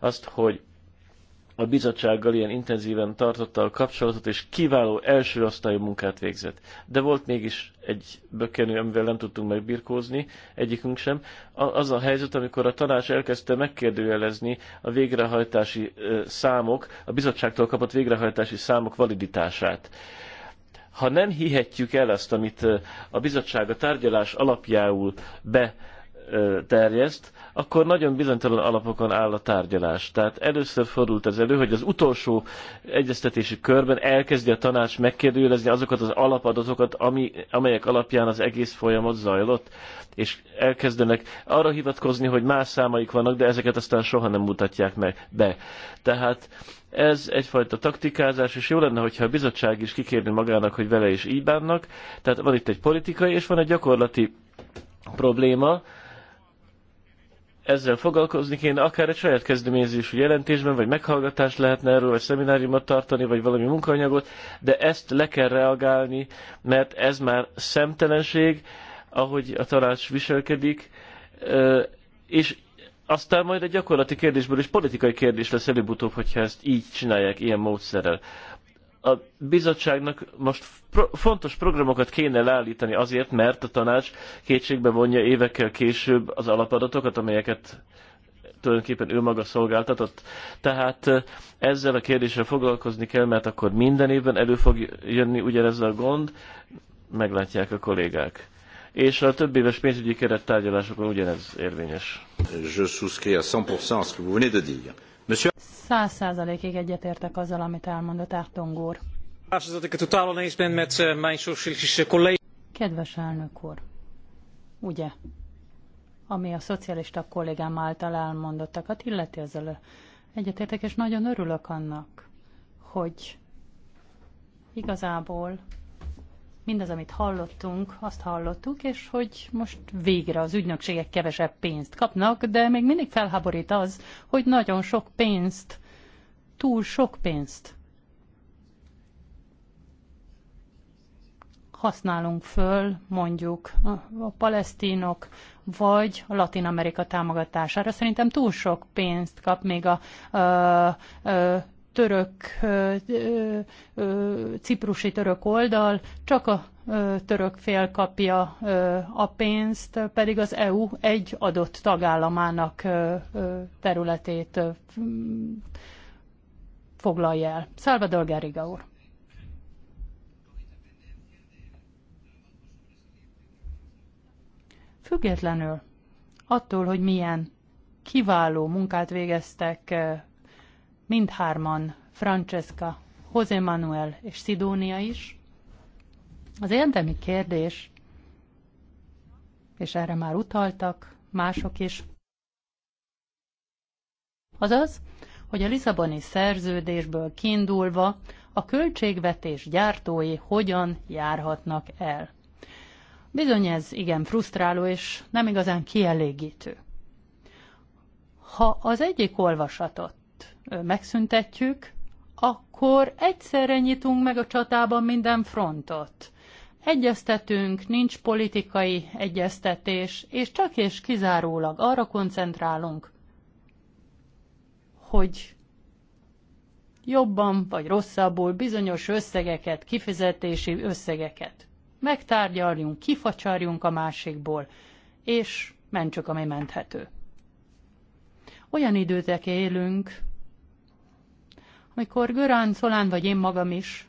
azt, hogy a bizottsággal ilyen intenzíven tartotta a kapcsolatot, és kiváló első osztályú munkát végzett. De volt mégis egy bökkenő, amivel nem tudtunk megbirkózni, egyikünk sem. Az a helyzet, amikor a tanács elkezdte megkérdőjelezni a végrehajtási számok, a bizottságtól kapott végrehajtási számok validitását. Ha nem hihetjük el azt, amit a bizottság a tárgyalás alapjául be terjeszt, akkor nagyon bizonytalan alapokon áll a tárgyalás. Tehát először fordult ez elő, hogy az utolsó egyeztetési körben elkezdi a tanács megkérdőjelezni azokat az alapadatokat, ami, amelyek alapján az egész folyamat zajlott, és elkezdenek arra hivatkozni, hogy más számaik vannak, de ezeket aztán soha nem mutatják meg be. Tehát ez egyfajta taktikázás, és jó lenne, hogyha a bizottság is kikérni magának, hogy vele is így bánnak. Tehát van itt egy politikai, és van egy gyakorlati probléma, ezzel foglalkozni kéne, akár egy saját kezdeményezésű jelentésben, vagy meghallgatást lehetne erről, vagy szemináriumot tartani, vagy valami munkaanyagot, de ezt le kell reagálni, mert ez már szemtelenség, ahogy a tanács viselkedik, és aztán majd egy gyakorlati kérdésből is politikai kérdés lesz előbb-utóbb, hogyha ezt így csinálják, ilyen módszerrel a bizottságnak most pro fontos programokat kéne leállítani azért, mert a tanács kétségbe vonja évekkel később az alapadatokat, amelyeket tulajdonképpen ő maga szolgáltatott. Tehát ezzel a kérdéssel foglalkozni kell, mert akkor minden évben elő fog jönni ugyanez a gond, meglátják a kollégák. És a több éves pénzügyi keret tárgyalásokon ugyanez érvényes. Je souscris à 100% ce que vous venez de dire. Monsieur száz százalékig egyetértek azzal, amit elmondott Ártong úr. Eh, eh, Kedves elnök úr, ugye, ami a szocialista kollégám által elmondottakat illeti, ezzel egyetértek, és nagyon örülök annak, hogy igazából mindaz, amit hallottunk, azt hallottuk, és hogy most végre az ügynökségek kevesebb pénzt kapnak, de még mindig felháborít az, hogy nagyon sok pénzt, túl sok pénzt használunk föl mondjuk a palesztinok vagy a Latin Amerika támogatására. Szerintem túl sok pénzt kap még a, a, a török, ciprusi török oldal, csak a török fél kapja a pénzt, pedig az EU egy adott tagállamának területét foglalja el. Salvador Garriga úr. Függetlenül attól, hogy milyen kiváló munkát végeztek mindhárman, Francesca, José Manuel és Sidónia is. Az érdemi kérdés, és erre már utaltak mások is, Az az, hogy a Lisszaboni szerződésből kiindulva a költségvetés gyártói hogyan járhatnak el. Bizony ez igen frusztráló és nem igazán kielégítő. Ha az egyik olvasatot megszüntetjük, akkor egyszerre nyitunk meg a csatában minden frontot. Egyeztetünk, nincs politikai egyeztetés, és csak és kizárólag arra koncentrálunk, hogy jobban vagy rosszabbul bizonyos összegeket, kifizetési összegeket megtárgyaljunk, kifacsarjunk a másikból, és mentsük, ami menthető. Olyan időtek élünk, amikor Görán, Szolán vagy én magam is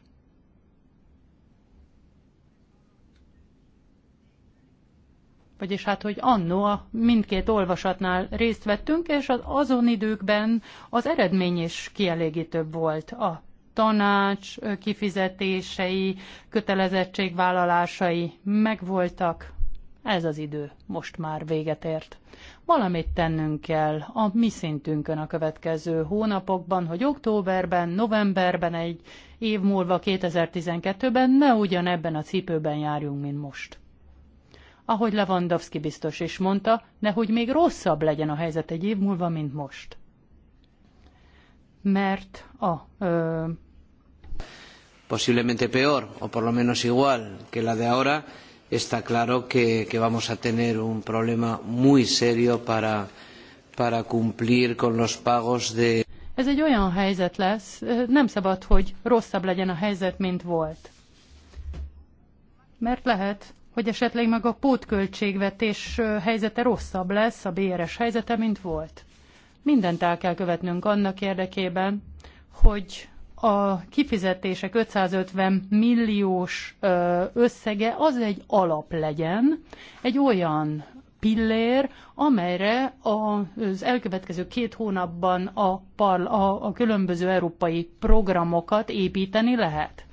vagyis hát, hogy annó a mindkét olvasatnál részt vettünk, és az azon időkben az eredmény is kielégítőbb volt. A tanács kifizetései, kötelezettségvállalásai megvoltak. Ez az idő most már véget ért. Valamit tennünk kell a mi szintünkön a következő hónapokban, hogy októberben, novemberben, egy év múlva 2012-ben ne ugyanebben a cipőben járjunk, mint most. Ahogy Lewandowski biztos is mondta, nehogy még rosszabb legyen a helyzet egy év múlva, mint most. Mert a ö, posiblemente peor o por lo menos igual que la de ahora, está claro que, que vamos a tener un problema muy serio para, para cumplir con los pagos de ez egy olyan helyzet lesz, nem szabad, hogy rosszabb legyen a helyzet, mint volt. Mert lehet, hogy esetleg meg a pótköltségvetés helyzete rosszabb lesz, a BRS er helyzete, mint volt. Mindent el kell követnünk annak érdekében, hogy a kifizetések 550 milliós összege az egy alap legyen, egy olyan pillér, amelyre az elkövetkező két hónapban a, parl- a, a különböző európai programokat építeni lehet.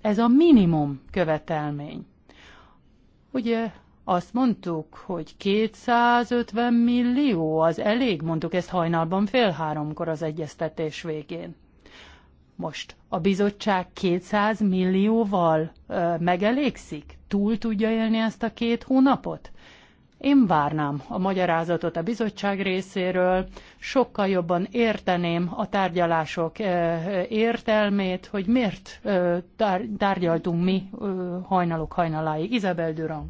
Ez a minimum követelmény. Ugye azt mondtuk, hogy 250 millió az elég, mondtuk ezt hajnalban fél háromkor az egyeztetés végén. Most a bizottság 200 millióval ö, megelégszik? Túl tudja élni ezt a két hónapot? Én várnám a magyarázatot a bizottság részéről, sokkal jobban érteném a tárgyalások értelmét, hogy miért tárgyaltunk mi hajnalok hajnaláig. Isabel Durand.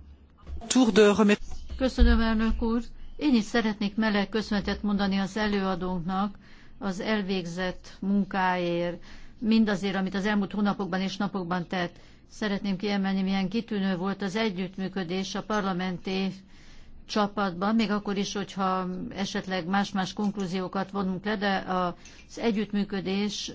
Köszönöm, elnök úr. Én is szeretnék meleg köszönetet mondani az előadónknak az elvégzett munkáért mindazért, amit az elmúlt hónapokban és napokban tett. Szeretném kiemelni, milyen kitűnő volt az együttműködés a parlamenti csapatban, még akkor is, hogyha esetleg más-más konklúziókat vonunk le, de az együttműködés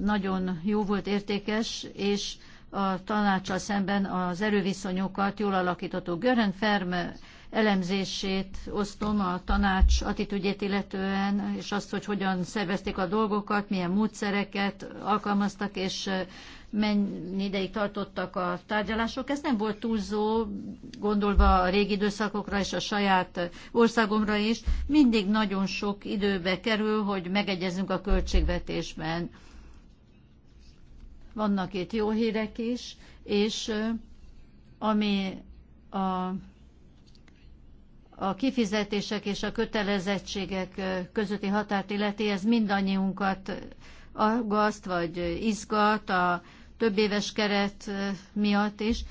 nagyon jó volt, értékes, és a tanácsal szemben az erőviszonyokat jól alakítottuk. Görön Ferme elemzését osztom a tanács attitűdjét illetően, és azt, hogy hogyan szervezték a dolgokat, milyen módszereket alkalmaztak, és mennyi ideig tartottak a tárgyalások. Ez nem volt túlzó, gondolva a régi időszakokra és a saját országomra is. Mindig nagyon sok időbe kerül, hogy megegyezünk a költségvetésben. Vannak itt jó hírek is, és ami a a kifizetések és a kötelezettségek közötti határt illeti, ez mindannyiunkat aggaszt vagy izgat a több éves keret miatt is.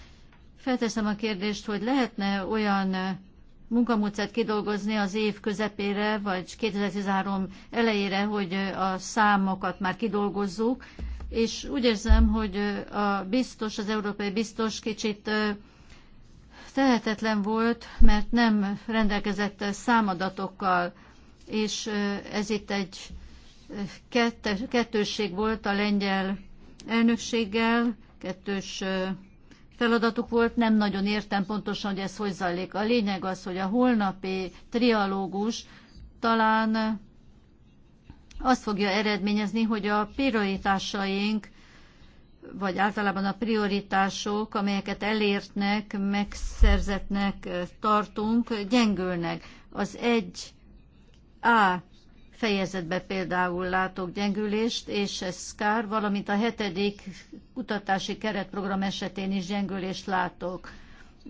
Felteszem a kérdést, hogy lehetne olyan munkamódszert kidolgozni az év közepére, vagy 2013 elejére, hogy a számokat már kidolgozzuk, és úgy érzem, hogy a biztos, az európai biztos kicsit tehetetlen volt, mert nem rendelkezett számadatokkal, és ez itt egy kettősség volt a lengyel elnökséggel, kettős feladatuk volt, nem nagyon értem pontosan, hogy ez hogy zajlik. A lényeg az, hogy a holnapi trialógus talán azt fogja eredményezni, hogy a prioritásaink vagy általában a prioritások, amelyeket elértnek, megszerzetnek tartunk, gyengülnek. Az egy A fejezetbe például látok gyengülést, és ez kár, valamint a hetedik kutatási keretprogram esetén is gyengülést látok.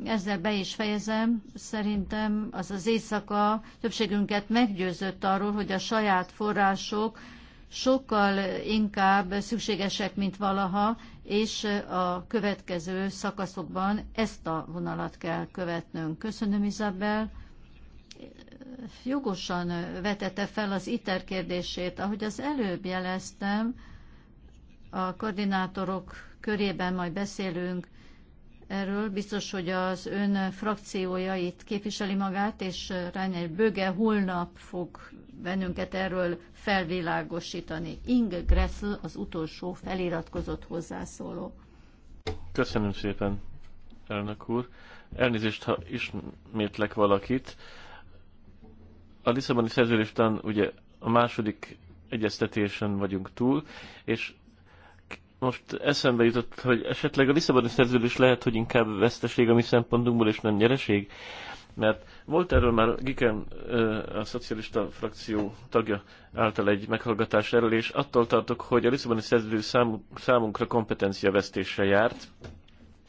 Ezzel be is fejezem, szerintem az az éjszaka többségünket meggyőzött arról, hogy a saját források sokkal inkább szükségesek, mint valaha, és a következő szakaszokban ezt a vonalat kell követnünk. Köszönöm, Izabel. Jogosan vetette fel az ITER kérdését. Ahogy az előbb jeleztem, a koordinátorok körében majd beszélünk erről. Biztos, hogy az ön frakciója itt képviseli magát, és Reiner Böge holnap fog bennünket erről felvilágosítani. Inge Gressel az utolsó feliratkozott hozzászóló. Köszönöm szépen, elnök úr. Elnézést, ha ismétlek valakit. A Lisszaboni szerződés után ugye a második egyeztetésen vagyunk túl, és most eszembe jutott, hogy esetleg a Lisszaboni szerződés lehet, hogy inkább veszteség a mi szempontunkból, és nem nyereség, mert volt erről már Giken, a szocialista frakció tagja által egy meghallgatás erről, és attól tartok, hogy a Lisszaboni szerződő számunkra kompetencia vesztése járt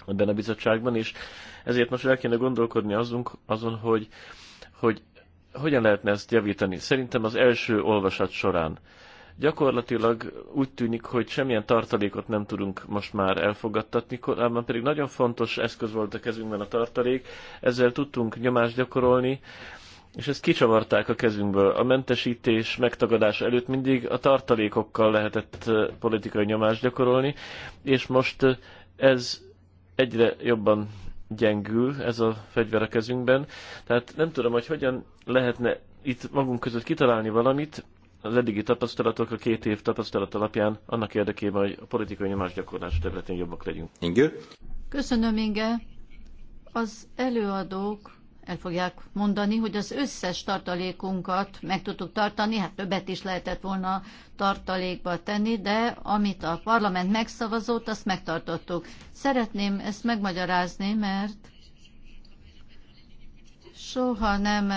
ebben a bizottságban, és ezért most el kéne gondolkodni azunk, azon, hogy, hogy hogyan lehetne ezt javítani. Szerintem az első olvasat során Gyakorlatilag úgy tűnik, hogy semmilyen tartalékot nem tudunk most már elfogadtatni, korábban pedig nagyon fontos eszköz volt a kezünkben a tartalék, ezzel tudtunk nyomást gyakorolni, és ezt kicsavarták a kezünkből. A mentesítés megtagadás előtt mindig a tartalékokkal lehetett politikai nyomást gyakorolni, és most ez egyre jobban gyengül, ez a fegyver a kezünkben. Tehát nem tudom, hogy hogyan lehetne itt magunk között kitalálni valamit, az eddigi tapasztalatok, a két év tapasztalat alapján annak érdekében, hogy a politikai nyomásgyakorlás területén jobbak legyünk. Inge? Köszönöm, Inge. Az előadók el fogják mondani, hogy az összes tartalékunkat meg tudtuk tartani, hát többet is lehetett volna tartalékba tenni, de amit a parlament megszavazott, azt megtartottuk. Szeretném ezt megmagyarázni, mert soha nem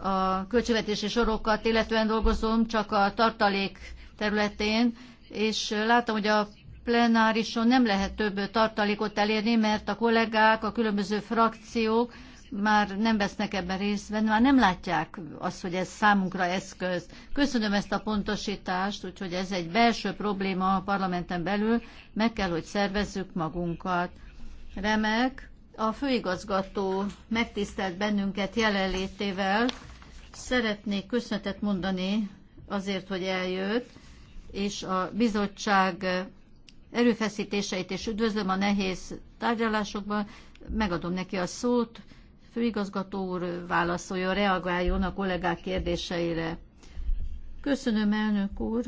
a költségvetési sorokat, illetően dolgozom csak a tartalék területén, és látom, hogy a plenárison nem lehet több tartalékot elérni, mert a kollégák, a különböző frakciók már nem vesznek ebben részben, már nem látják azt, hogy ez számunkra eszköz. Köszönöm ezt a pontosítást, úgyhogy ez egy belső probléma a parlamenten belül, meg kell, hogy szervezzük magunkat. Remek, a főigazgató megtisztelt bennünket jelenlétével, Szeretnék köszönetet mondani azért, hogy eljött, és a bizottság erőfeszítéseit, és üdvözlöm a nehéz tárgyalásokban, megadom neki a szót, főigazgató úr válaszoljon, reagáljon a kollégák kérdéseire. Köszönöm, elnök úr.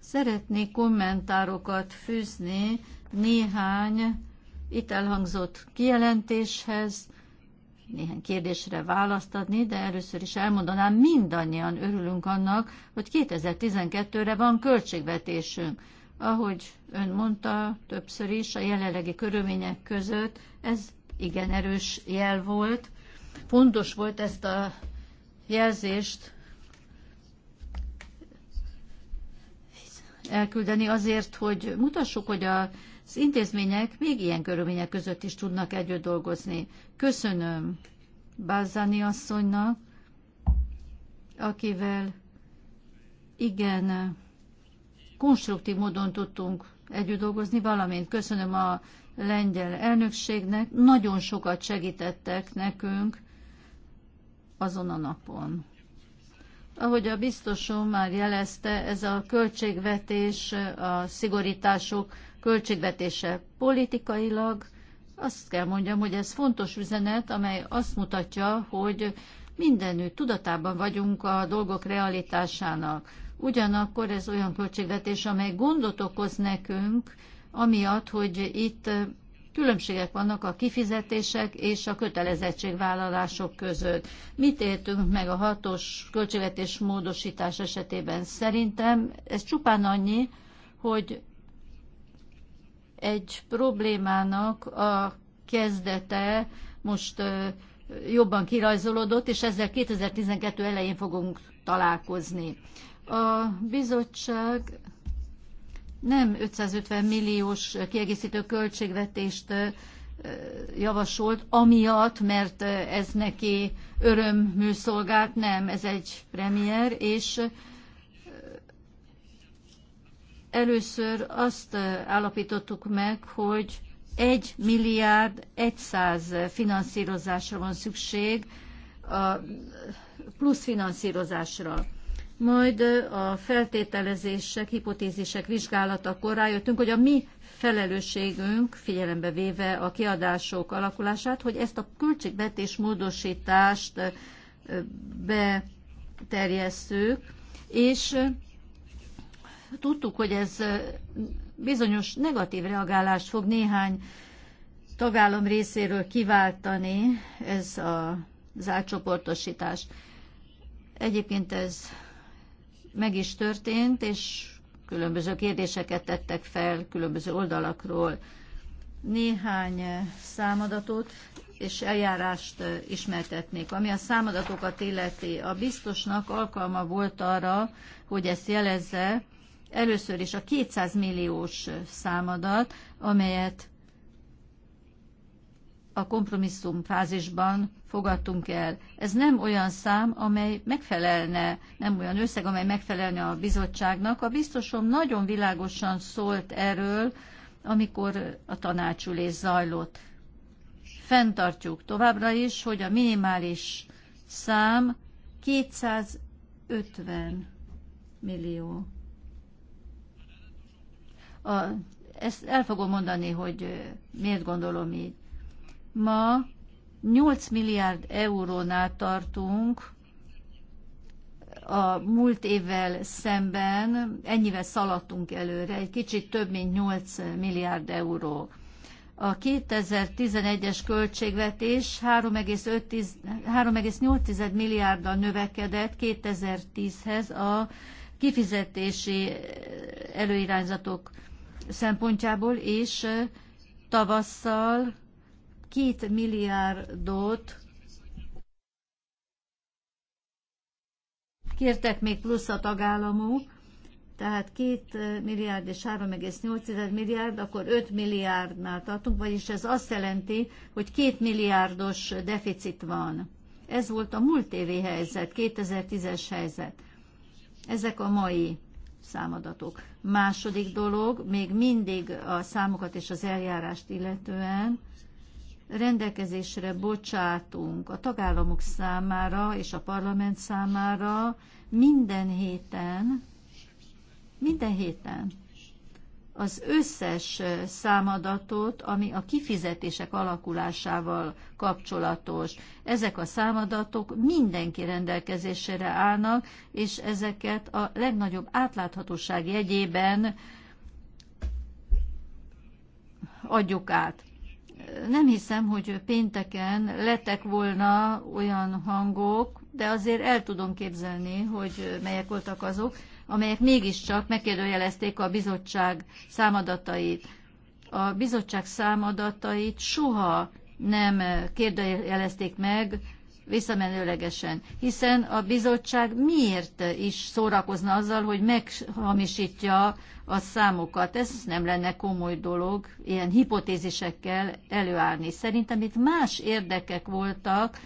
Szeretnék kommentárokat fűzni néhány itt elhangzott kijelentéshez, néhány kérdésre választ adni, de először is elmondanám, mindannyian örülünk annak, hogy 2012-re van költségvetésünk. Ahogy ön mondta többször is, a jelenlegi körülmények között ez igen erős jel volt. Fontos volt ezt a jelzést elküldeni azért, hogy mutassuk, hogy a az intézmények még ilyen körülmények között is tudnak együtt dolgozni. Köszönöm Bázani asszonynak, akivel igen konstruktív módon tudtunk együtt dolgozni, valamint köszönöm a lengyel elnökségnek, nagyon sokat segítettek nekünk azon a napon. Ahogy a biztosom már jelezte, ez a költségvetés, a szigorítások költségvetése politikailag. Azt kell mondjam, hogy ez fontos üzenet, amely azt mutatja, hogy mindenütt tudatában vagyunk a dolgok realitásának. Ugyanakkor ez olyan költségvetés, amely gondot okoz nekünk, amiatt, hogy itt különbségek vannak a kifizetések és a kötelezettségvállalások között. Mit értünk meg a hatos költségvetés módosítás esetében? Szerintem ez csupán annyi, hogy egy problémának a kezdete most jobban kirajzolódott, és ezzel 2012 elején fogunk találkozni. A bizottság nem 550 milliós kiegészítő költségvetést javasolt, amiatt, mert ez neki örömmű szolgált, nem, ez egy premier, és Először azt állapítottuk meg, hogy 1 milliárd 100 finanszírozásra van szükség, a plusz finanszírozásra. Majd a feltételezések, hipotézisek vizsgálatakor rájöttünk, hogy a mi felelősségünk, figyelembe véve a kiadások alakulását, hogy ezt a költségvetés módosítást beterjesszük, és tudtuk, hogy ez bizonyos negatív reagálást fog néhány tagállam részéről kiváltani, ez a, zárcsoportosítás. Egyébként ez meg is történt, és különböző kérdéseket tettek fel különböző oldalakról. Néhány számadatot és eljárást ismertetnék. Ami a számadatokat illeti, a biztosnak alkalma volt arra, hogy ezt jelezze, Először is a 200 milliós számadat, amelyet a kompromisszum fázisban fogadtunk el. Ez nem olyan szám, amely megfelelne, nem olyan összeg, amely megfelelne a bizottságnak. A biztosom nagyon világosan szólt erről, amikor a tanácsülés zajlott. Fentartjuk továbbra is, hogy a minimális szám 250 millió. A, ezt el fogom mondani, hogy miért gondolom így. Ma 8 milliárd eurónál tartunk a múlt évvel szemben, ennyivel szaladtunk előre, egy kicsit több, mint 8 milliárd euró. A 2011-es költségvetés 3,8 milliárddal növekedett 2010-hez a kifizetési előirányzatok szempontjából, és tavasszal két milliárdot kértek még plusz a tagállamok, tehát 2 milliárd és 3,8 milliárd, akkor 5 milliárdnál tartunk, vagyis ez azt jelenti, hogy 2 milliárdos deficit van. Ez volt a múlt évi helyzet, 2010-es helyzet. Ezek a mai számadatok. Második dolog, még mindig a számokat és az eljárást illetően rendelkezésre bocsátunk a tagállamok számára és a parlament számára minden héten, minden héten az összes számadatot, ami a kifizetések alakulásával kapcsolatos. Ezek a számadatok mindenki rendelkezésére állnak, és ezeket a legnagyobb átláthatóság jegyében adjuk át. Nem hiszem, hogy pénteken lettek volna olyan hangok, de azért el tudom képzelni, hogy melyek voltak azok, amelyek mégiscsak megkérdőjelezték a bizottság számadatait. A bizottság számadatait soha nem kérdőjelezték meg visszamenőlegesen, hiszen a bizottság miért is szórakozna azzal, hogy meghamisítja a számokat. Ez nem lenne komoly dolog, ilyen hipotézisekkel előállni. Szerintem itt más érdekek voltak,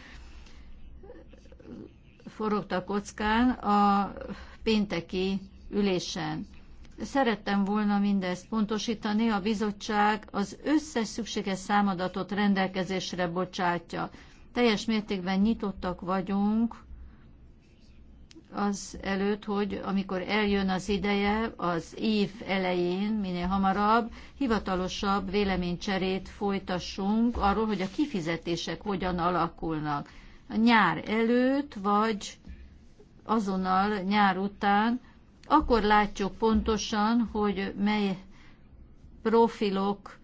forogtak kockán. A pénteki ülésen. Szerettem volna mindezt pontosítani, a bizottság az összes szükséges számadatot rendelkezésre bocsátja. Teljes mértékben nyitottak vagyunk az előtt, hogy amikor eljön az ideje, az év elején, minél hamarabb, hivatalosabb véleménycserét folytassunk arról, hogy a kifizetések hogyan alakulnak. A nyár előtt, vagy azonnal nyár után, akkor látjuk pontosan, hogy mely profilok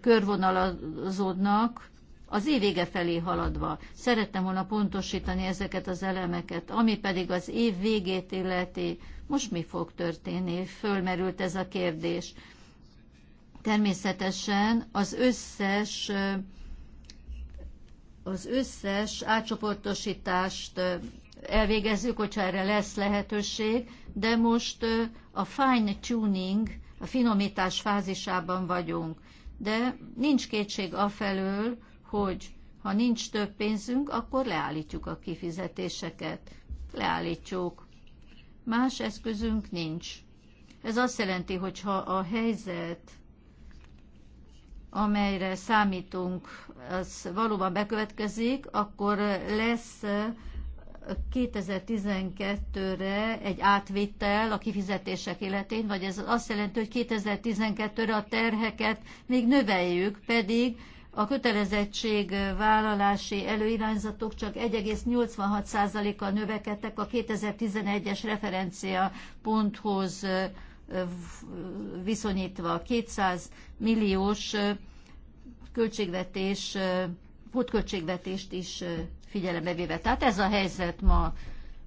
körvonalazódnak az év vége felé haladva. Szerettem volna pontosítani ezeket az elemeket, ami pedig az év végét illeti, most mi fog történni? Fölmerült ez a kérdés. Természetesen az összes az összes átcsoportosítást elvégezzük, hogyha erre lesz lehetőség, de most a fine tuning, a finomítás fázisában vagyunk. De nincs kétség afelől, hogy ha nincs több pénzünk, akkor leállítjuk a kifizetéseket. Leállítjuk. Más eszközünk nincs. Ez azt jelenti, hogy ha a helyzet, amelyre számítunk, az valóban bekövetkezik, akkor lesz 2012-re egy átvétel a kifizetések életén, vagy ez azt jelenti, hogy 2012-re a terheket még növeljük, pedig a kötelezettség vállalási előirányzatok csak 1,86%-kal növekedtek a 2011-es referencia ponthoz viszonyítva 200 milliós költségvetés, pótköltségvetést is figyelembe véve. Tehát ez a helyzet ma,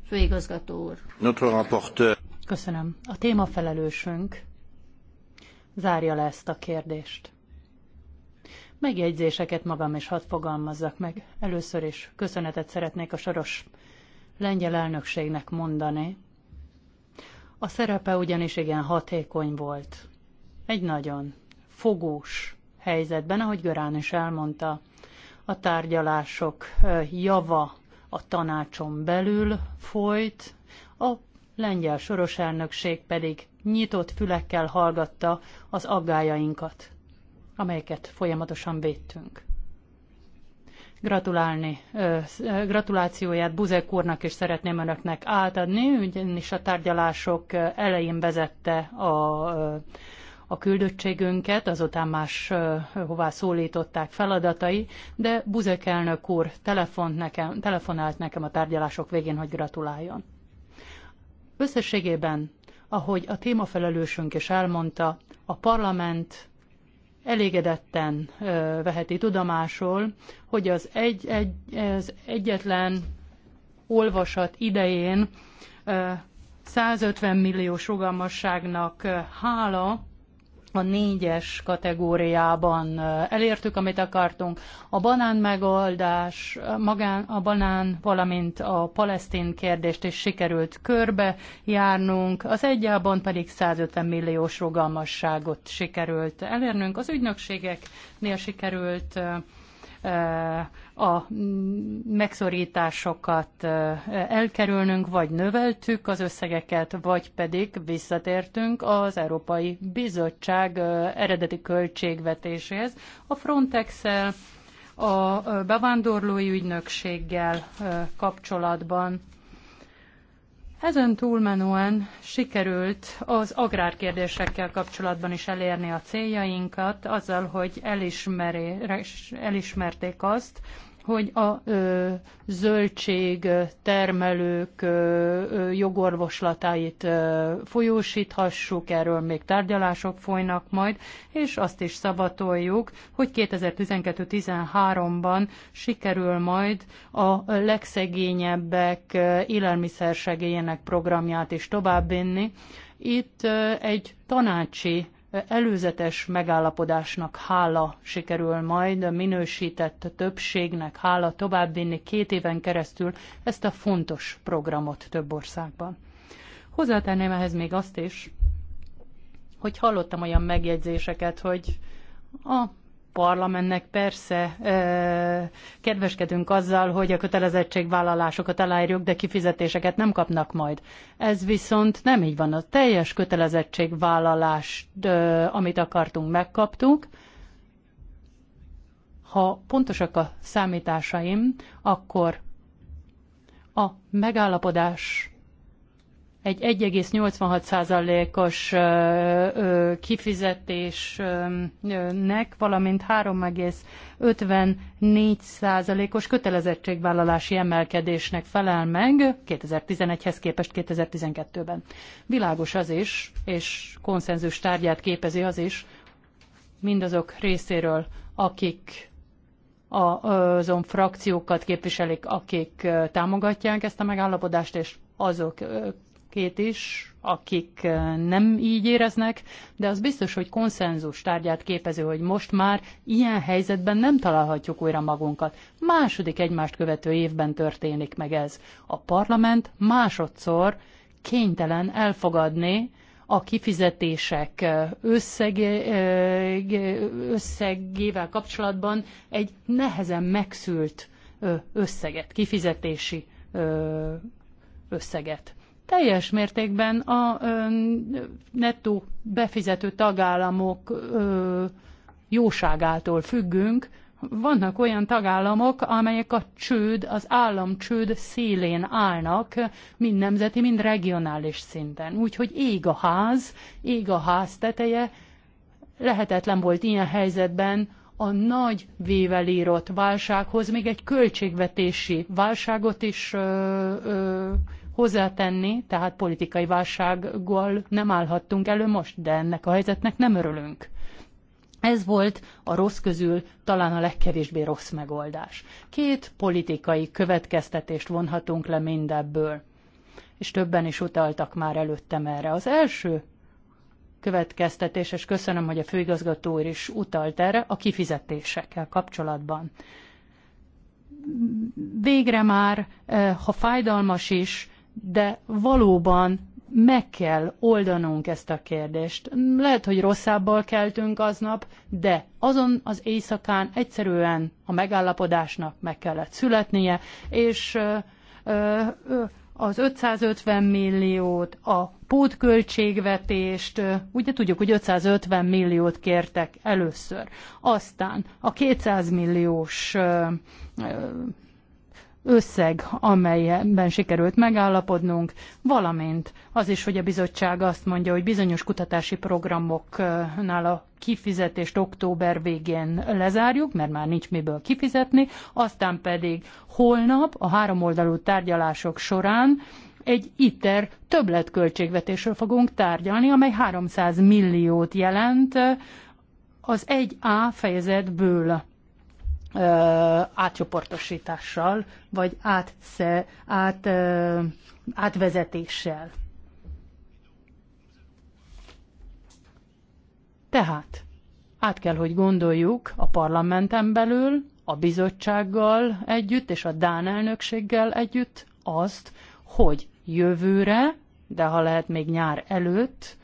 főigazgató úr. Notre rapporteur. Köszönöm. A témafelelősünk zárja le ezt a kérdést. Megjegyzéseket magam is hadd fogalmazzak meg. Először is köszönetet szeretnék a soros lengyel elnökségnek mondani. A szerepe ugyanis igen hatékony volt. Egy nagyon fogós helyzetben, ahogy Görán is elmondta, a tárgyalások java a tanácson belül folyt, a lengyel soros elnökség pedig nyitott fülekkel hallgatta az aggájainkat, amelyeket folyamatosan védtünk. Gratulálni, gratulációját Buzek úrnak is szeretném önöknek átadni, ugyanis a tárgyalások elején vezette a a küldöttségünket, azután más hová szólították feladatai, de Buzek elnök úr telefont nekem, telefonált nekem a tárgyalások végén, hogy gratuláljon. Összességében, ahogy a témafelelősünk is elmondta, a parlament elégedetten ö, veheti tudomásul, hogy az, egy, egy, az egyetlen olvasat idején ö, 150 milliós rugalmasságnak hála a négyes kategóriában eh, elértük, amit akartunk. A banán megoldás, magán, a banán, valamint a palesztin kérdést is sikerült körbe járnunk, az egyában pedig 150 milliós rugalmasságot sikerült elérnünk. Az ügynökségeknél sikerült eh, a megszorításokat elkerülnünk, vagy növeltük az összegeket, vagy pedig visszatértünk az Európai Bizottság eredeti költségvetéséhez. A Frontex-el, a bevándorlói ügynökséggel kapcsolatban ezen túlmenően sikerült az agrárkérdésekkel kapcsolatban is elérni a céljainkat, azzal, hogy elismerés, elismerték azt, hogy a ö, zöldség termelők ö, jogorvoslatáit ö, folyósíthassuk, erről még tárgyalások folynak majd, és azt is szabatoljuk, hogy 2012-13-ban sikerül majd a legszegényebbek élelmiszersegélyének programját is továbbvinni. Itt egy tanácsi előzetes megállapodásnak hála sikerül majd a minősített többségnek hála továbbvinni két éven keresztül ezt a fontos programot több országban. Hozzátenném ehhez még azt is, hogy hallottam olyan megjegyzéseket, hogy a parlamentnek persze kedveskedünk azzal, hogy a kötelezettségvállalásokat aláírjuk, de kifizetéseket nem kapnak majd. Ez viszont nem így van. A teljes kötelezettségvállalást, amit akartunk, megkaptuk. Ha pontosak a számításaim, akkor a megállapodás egy 1,86%-os kifizetésnek, valamint 3,54%-os kötelezettségvállalási emelkedésnek felel meg 2011-hez képest 2012-ben. Világos az is, és konszenzus tárgyát képezi az is, mindazok részéről, akik azon frakciókat képviselik, akik támogatják ezt a megállapodást, és azok azokét is, akik eh, nem így éreznek, de az biztos, hogy konszenzus tárgyát képező, hogy most már ilyen helyzetben nem találhatjuk újra magunkat. Második egymást követő évben történik meg ez. A parlament másodszor kénytelen elfogadni a kifizetések eh, összeg, eh, összegével kapcsolatban egy nehezen megszült összeget, kifizetési összeget teljes mértékben a nettó befizető tagállamok jóságától függünk. Vannak olyan tagállamok, amelyek a csőd, az államcsőd szélén állnak, mind nemzeti, mind regionális szinten. Úgyhogy ég a ház, ég a ház teteje. Lehetetlen volt ilyen helyzetben a nagy vével írott válsághoz még egy költségvetési válságot is ö, ö, hozzátenni, tehát politikai válsággal nem állhattunk elő most, de ennek a helyzetnek nem örülünk. Ez volt a rossz közül talán a legkevésbé rossz megoldás. Két politikai következtetést vonhatunk le mindebből, és többen is utaltak már előttem erre. Az első következtetés, és köszönöm, hogy a főigazgató is utalt erre, a kifizetésekkel kapcsolatban. Végre már, eh, ha fájdalmas is, de valóban meg kell oldanunk ezt a kérdést. Lehet, hogy rosszabbal keltünk aznap, de azon az éjszakán egyszerűen a megállapodásnak meg kellett születnie, és az 550 milliót, a pótköltségvetést, ugye tudjuk, hogy 550 milliót kértek először. Aztán a 200 milliós összeg, amelyben sikerült megállapodnunk, valamint az is, hogy a bizottság azt mondja, hogy bizonyos kutatási programoknál a kifizetést október végén lezárjuk, mert már nincs miből kifizetni, aztán pedig holnap a háromoldalú tárgyalások során egy ITER többletköltségvetésről fogunk tárgyalni, amely 300 milliót jelent az 1A fejezetből átcsoportosítással, vagy átsze, át, átvezetéssel. Tehát át kell, hogy gondoljuk a parlamenten belül, a bizottsággal együtt és a Dán elnökséggel együtt azt, hogy jövőre, de ha lehet még nyár előtt,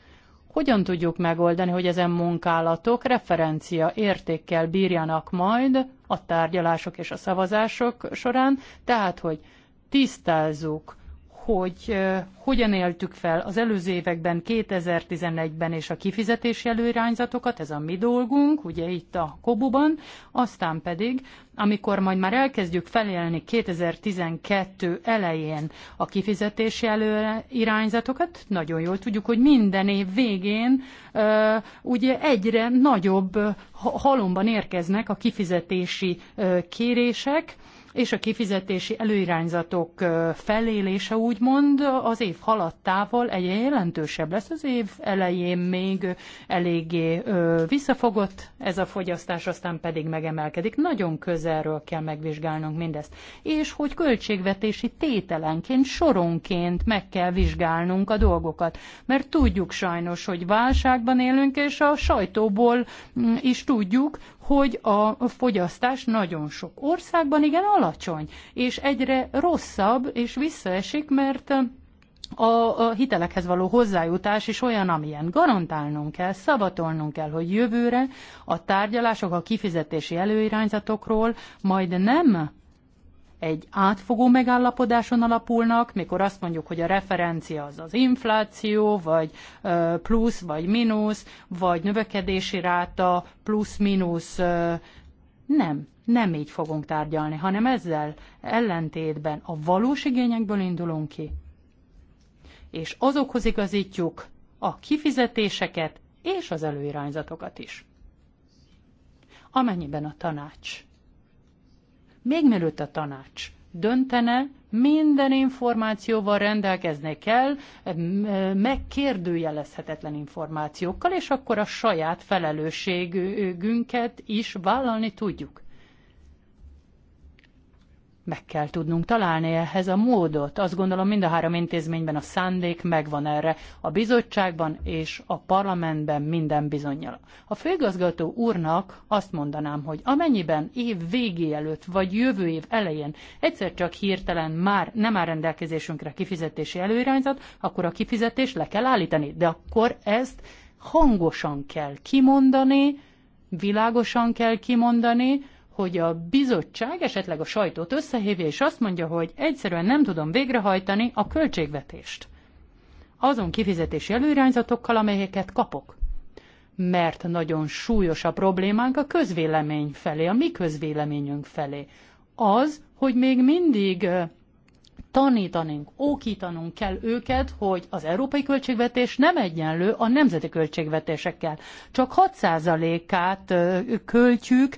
hogyan tudjuk megoldani, hogy ezen munkálatok referencia értékkel bírjanak majd a tárgyalások és a szavazások során, tehát hogy tisztázzuk hogy hogyan éltük fel az előző években, 2011-ben és a kifizetési előirányzatokat, ez a mi dolgunk, ugye itt a Kobuban, aztán pedig, amikor majd már elkezdjük felélni 2012 elején a kifizetési előirányzatokat, nagyon jól tudjuk, hogy minden év végén ugye egyre nagyobb halomban érkeznek a kifizetési kérések, és a kifizetési előirányzatok felélése úgymond az év haladtával egy jelentősebb lesz. Az év elején még eléggé visszafogott ez a fogyasztás, aztán pedig megemelkedik. Nagyon közelről kell megvizsgálnunk mindezt. És hogy költségvetési tételenként, soronként meg kell vizsgálnunk a dolgokat. Mert tudjuk sajnos, hogy válságban élünk, és a sajtóból mm, is tudjuk, hogy a fogyasztás nagyon sok országban igen alacsony, és egyre rosszabb, és visszaesik, mert a, hitelekhez való hozzájutás is olyan, amilyen. Garantálnunk kell, szabatolnunk kell, hogy jövőre a tárgyalások a kifizetési előirányzatokról majd nem egy átfogó megállapodáson alapulnak, mikor azt mondjuk, hogy a referencia az az infláció, vagy plusz, vagy mínusz, vagy növekedési ráta, plusz-mínusz. Nem, nem így fogunk tárgyalni, hanem ezzel ellentétben a valós igényekből indulunk ki, és azokhoz igazítjuk a kifizetéseket és az előirányzatokat is. Amennyiben a tanács még mielőtt a tanács döntene, minden információval rendelkezni kell, megkérdőjelezhetetlen információkkal, és akkor a saját felelősségünket is vállalni tudjuk meg kell tudnunk találni ehhez a módot. Azt gondolom mind a három intézményben a szándék megvan erre, a bizottságban és a parlamentben minden bizonyal. A főigazgató úrnak azt mondanám, hogy amennyiben év végé előtt vagy jövő év elején egyszer csak hirtelen már nem áll rendelkezésünkre kifizetési előirányzat, akkor a kifizetés le kell állítani, de akkor ezt hangosan kell kimondani, világosan kell kimondani, hogy a bizottság esetleg a sajtót összehívja, és azt mondja, hogy egyszerűen nem tudom végrehajtani a költségvetést. Azon kifizetési előirányzatokkal, amelyeket kapok. Mert nagyon súlyos a problémánk a közvélemény felé, a mi közvéleményünk felé. Az, hogy még mindig tanítanunk, ókítanunk kell őket, hogy az európai költségvetés nem egyenlő a nemzeti költségvetésekkel. Csak 6%-át költjük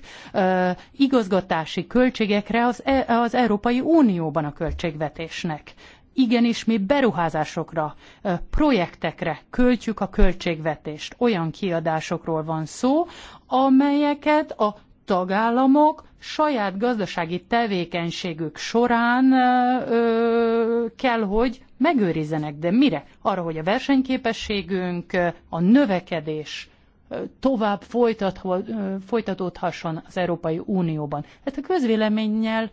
igazgatási költségekre az, e az Európai Unióban a költségvetésnek igenis mi beruházásokra, projektekre költjük a költségvetést. Olyan kiadásokról van szó, amelyeket a tagállamok saját gazdasági tevékenységük során ö, kell, hogy megőrizzenek. De mire? Arra, hogy a versenyképességünk, a növekedés tovább folytatva, folytatódhasson az Európai Unióban. Hát a közvéleménnyel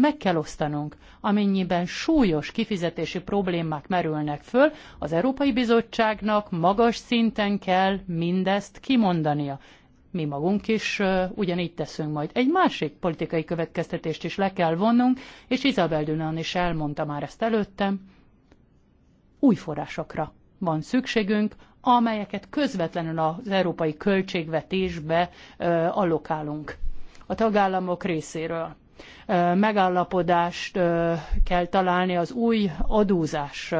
meg kell osztanunk. Amennyiben súlyos kifizetési problémák merülnek föl, az Európai Bizottságnak magas szinten kell mindezt kimondania mi magunk is ugyanígy teszünk majd. Egy másik politikai következtetést is le kell vonnunk, és Isabel Dunan is elmondta már ezt előttem, új forrásokra van szükségünk, amelyeket közvetlenül az európai költségvetésbe allokálunk a tagállamok részéről megállapodást kell találni az új adózás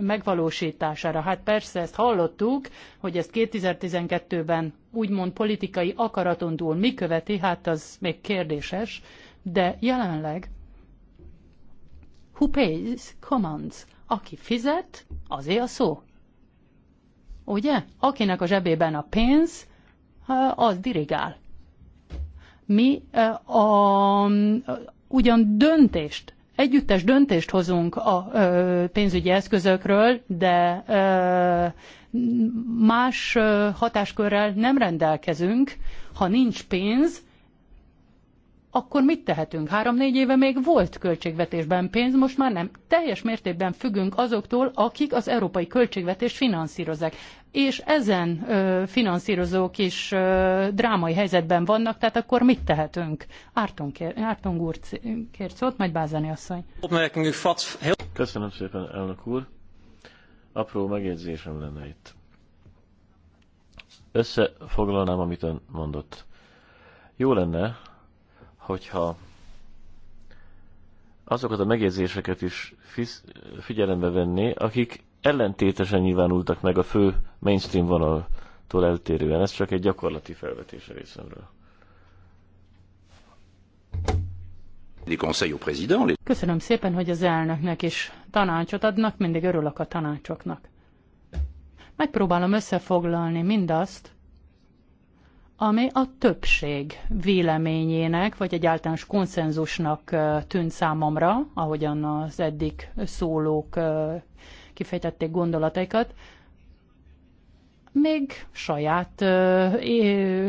megvalósítására. Hát persze ezt hallottuk, hogy ezt 2012-ben úgymond politikai akaraton túl mi követi, hát az még kérdéses, de jelenleg who pays commands, aki fizet, azé a szó. Ugye? Akinek a zsebében a pénz, az dirigál. Mi a, a, ugyan döntést együttes döntést hozunk a pénzügyi eszközökről, de más hatáskörrel nem rendelkezünk. Ha nincs pénz, akkor mit tehetünk? Három-négy éve még volt költségvetésben pénz, most már nem. Teljes mértékben függünk azoktól, akik az európai költségvetés finanszírozzák. És ezen ö, finanszírozók is ö, drámai helyzetben vannak, tehát akkor mit tehetünk? Ártunk, kér, Ártunk úr kért szót, majd Bázani asszony. Köszönöm szépen, elnök úr. Apró megjegyzésem lenne itt. Összefoglalnám, amit ön mondott. Jó lenne, hogyha azokat a megjegyzéseket is figyelembe venné, akik ellentétesen nyilvánultak meg a fő mainstream vonaltól eltérően. Ez csak egy gyakorlati felvetés a részemről. Köszönöm szépen, hogy az elnöknek is tanácsot adnak, mindig örülök a tanácsoknak. Megpróbálom összefoglalni mindazt, ami a többség véleményének, vagy egy általános konszenzusnak tűnt számomra, ahogyan az eddig szólók kifejtették gondolataikat, még saját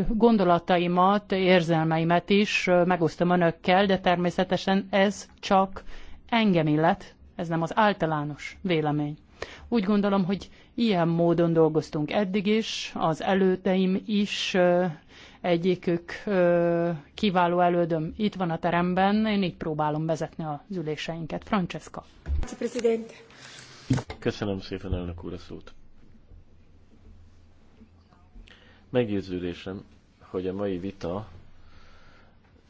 gondolataimat, érzelmeimet is megosztom önökkel, de természetesen ez csak engem illet, ez nem az általános vélemény. Úgy gondolom, hogy ilyen módon dolgoztunk eddig is, az előteim is, egyikük kiváló elődöm itt van a teremben, én így próbálom vezetni az üléseinket. Francesca. Köszönöm szépen, elnök úr, a szót. Meggyőződésem, hogy a mai vita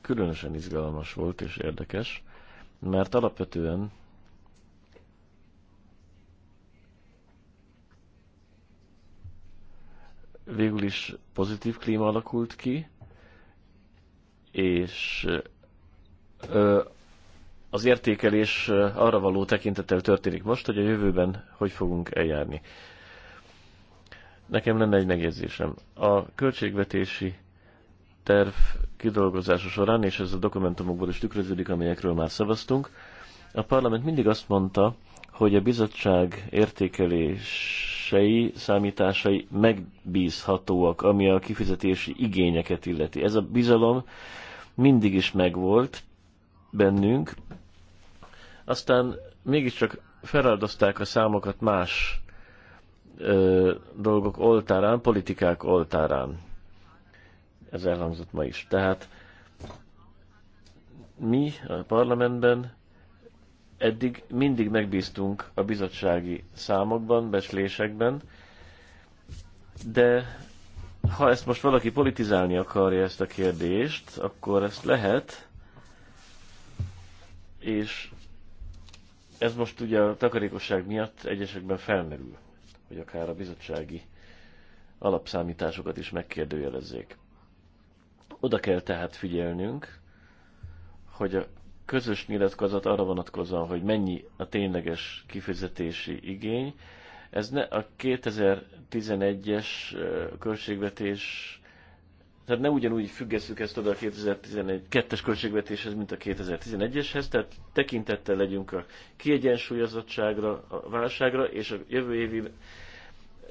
különösen izgalmas volt és érdekes, mert alapvetően végül is pozitív klíma alakult ki, és az értékelés arra való tekintettel történik most, hogy a jövőben hogy fogunk eljárni. Nekem lenne egy megjegyzésem. A költségvetési terv kidolgozása során, és ez a dokumentumokból is tükröződik, amelyekről már szavaztunk, a parlament mindig azt mondta, hogy a bizottság értékelés kifizetései, számításai megbízhatóak, ami a kifizetési igényeket illeti. Ez a bizalom mindig is megvolt bennünk, aztán mégiscsak feláldozták a számokat más ö, dolgok oltárán, politikák oltárán. Ez elhangzott ma is. Tehát mi a parlamentben eddig mindig megbíztunk a bizottsági számokban, becslésekben, de ha ezt most valaki politizálni akarja ezt a kérdést, akkor ezt lehet, és ez most ugye a takarékosság miatt egyesekben felmerül, hogy akár a bizottsági alapszámításokat is megkérdőjelezzék. Oda kell tehát figyelnünk, hogy a közös nyilatkozat arra vonatkozóan, hogy mennyi a tényleges kifizetési igény. Ez ne a 2011-es költségvetés, tehát ne ugyanúgy függesszük ezt oda a 2012-es költségvetéshez, mint a 2011-eshez, tehát tekintettel legyünk a kiegyensúlyozottságra, a válságra, és a jövő évi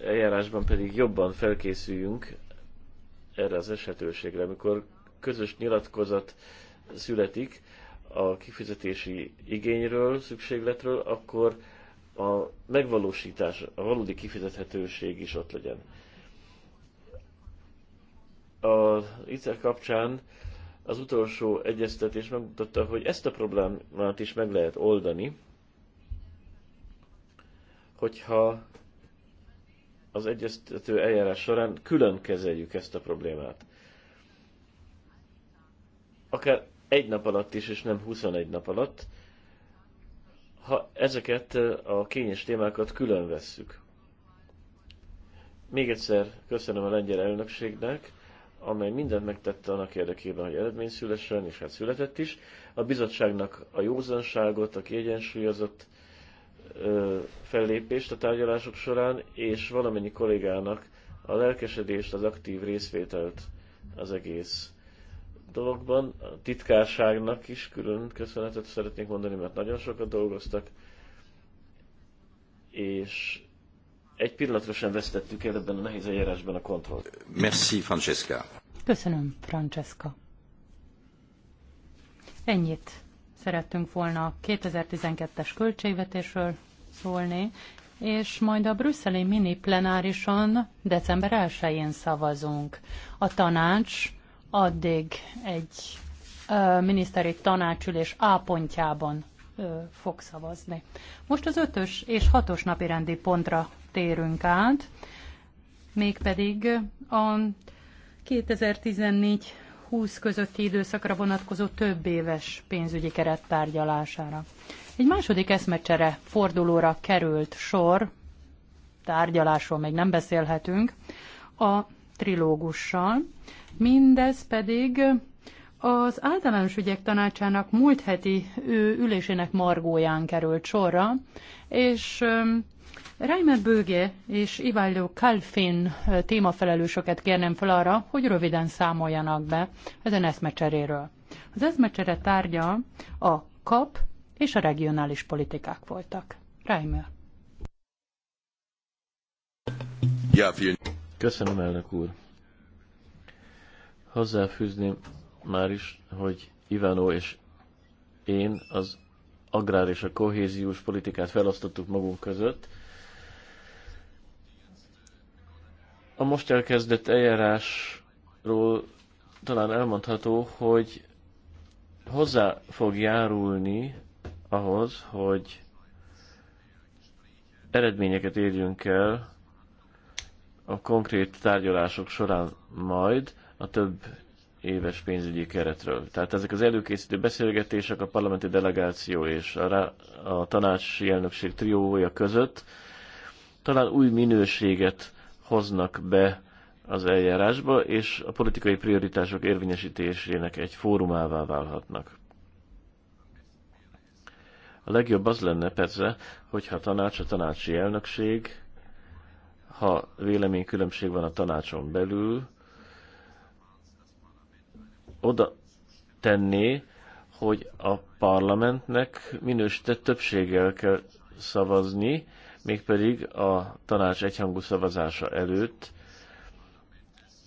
eljárásban pedig jobban felkészüljünk erre az esetőségre, amikor közös nyilatkozat születik, a kifizetési igényről, szükségletről, akkor a megvalósítás, a valódi kifizethetőség is ott legyen. A ICER kapcsán az utolsó egyeztetés megmutatta, hogy ezt a problémát is meg lehet oldani, hogyha az egyeztető eljárás során külön kezeljük ezt a problémát. Akár egy nap alatt is, és nem 21 nap alatt, ha ezeket a kényes témákat külön vesszük. Még egyszer köszönöm a lengyel elnökségnek, amely mindent megtette annak érdekében, hogy eredmény szülessen, és hát született is. A bizottságnak a józanságot, a kiegyensúlyozott ö, fellépést a tárgyalások során, és valamennyi kollégának a lelkesedést, az aktív részvételt az egész dologban. A titkárságnak is külön köszönetet szeretnék mondani, mert nagyon sokat dolgoztak, és egy pillanatra sem vesztettük el ebben a nehéz eljárásban a kontrollt. Merci, Francesca. Köszönöm, Francesca. Ennyit szerettünk volna a 2012-es költségvetésről szólni, és majd a brüsszeli mini plenárison december 1-én szavazunk. A tanács addig egy uh, miniszteri tanácsülés A pontjában uh, fog szavazni. Most az ötös és hatos napi rendi pontra térünk át, mégpedig a 2014 20 közötti időszakra vonatkozó több éves pénzügyi keret tárgyalására. Egy második eszmecsere fordulóra került sor, tárgyalásról még nem beszélhetünk, a trilógussal, Mindez pedig az általános ügyek tanácsának múlt heti ülésének margóján került sorra, és Reimer Böge és Iváló Kalfin témafelelősöket kérnem fel arra, hogy röviden számoljanak be ezen eszmecseréről. Az eszmecsere tárgya a KAP és a regionális politikák voltak. Reimer. Köszönöm, elnök úr. Hozzáfűzném már is, hogy Ivánó és én az agrár és a kohéziós politikát felosztottuk magunk között. A most elkezdett eljárásról talán elmondható, hogy hozzá fog járulni ahhoz, hogy eredményeket érjünk el a konkrét tárgyalások során majd, a több éves pénzügyi keretről. Tehát ezek az előkészítő beszélgetések a parlamenti delegáció és a, a tanácsi elnökség triója között talán új minőséget hoznak be az eljárásba, és a politikai prioritások érvényesítésének egy fórumává válhatnak. A legjobb az lenne persze, hogyha a tanács, a tanácsi elnökség, ha véleménykülönbség van a tanácson belül, oda tenné, hogy a parlamentnek minősített többséggel kell szavazni, mégpedig a tanács egyhangú szavazása előtt,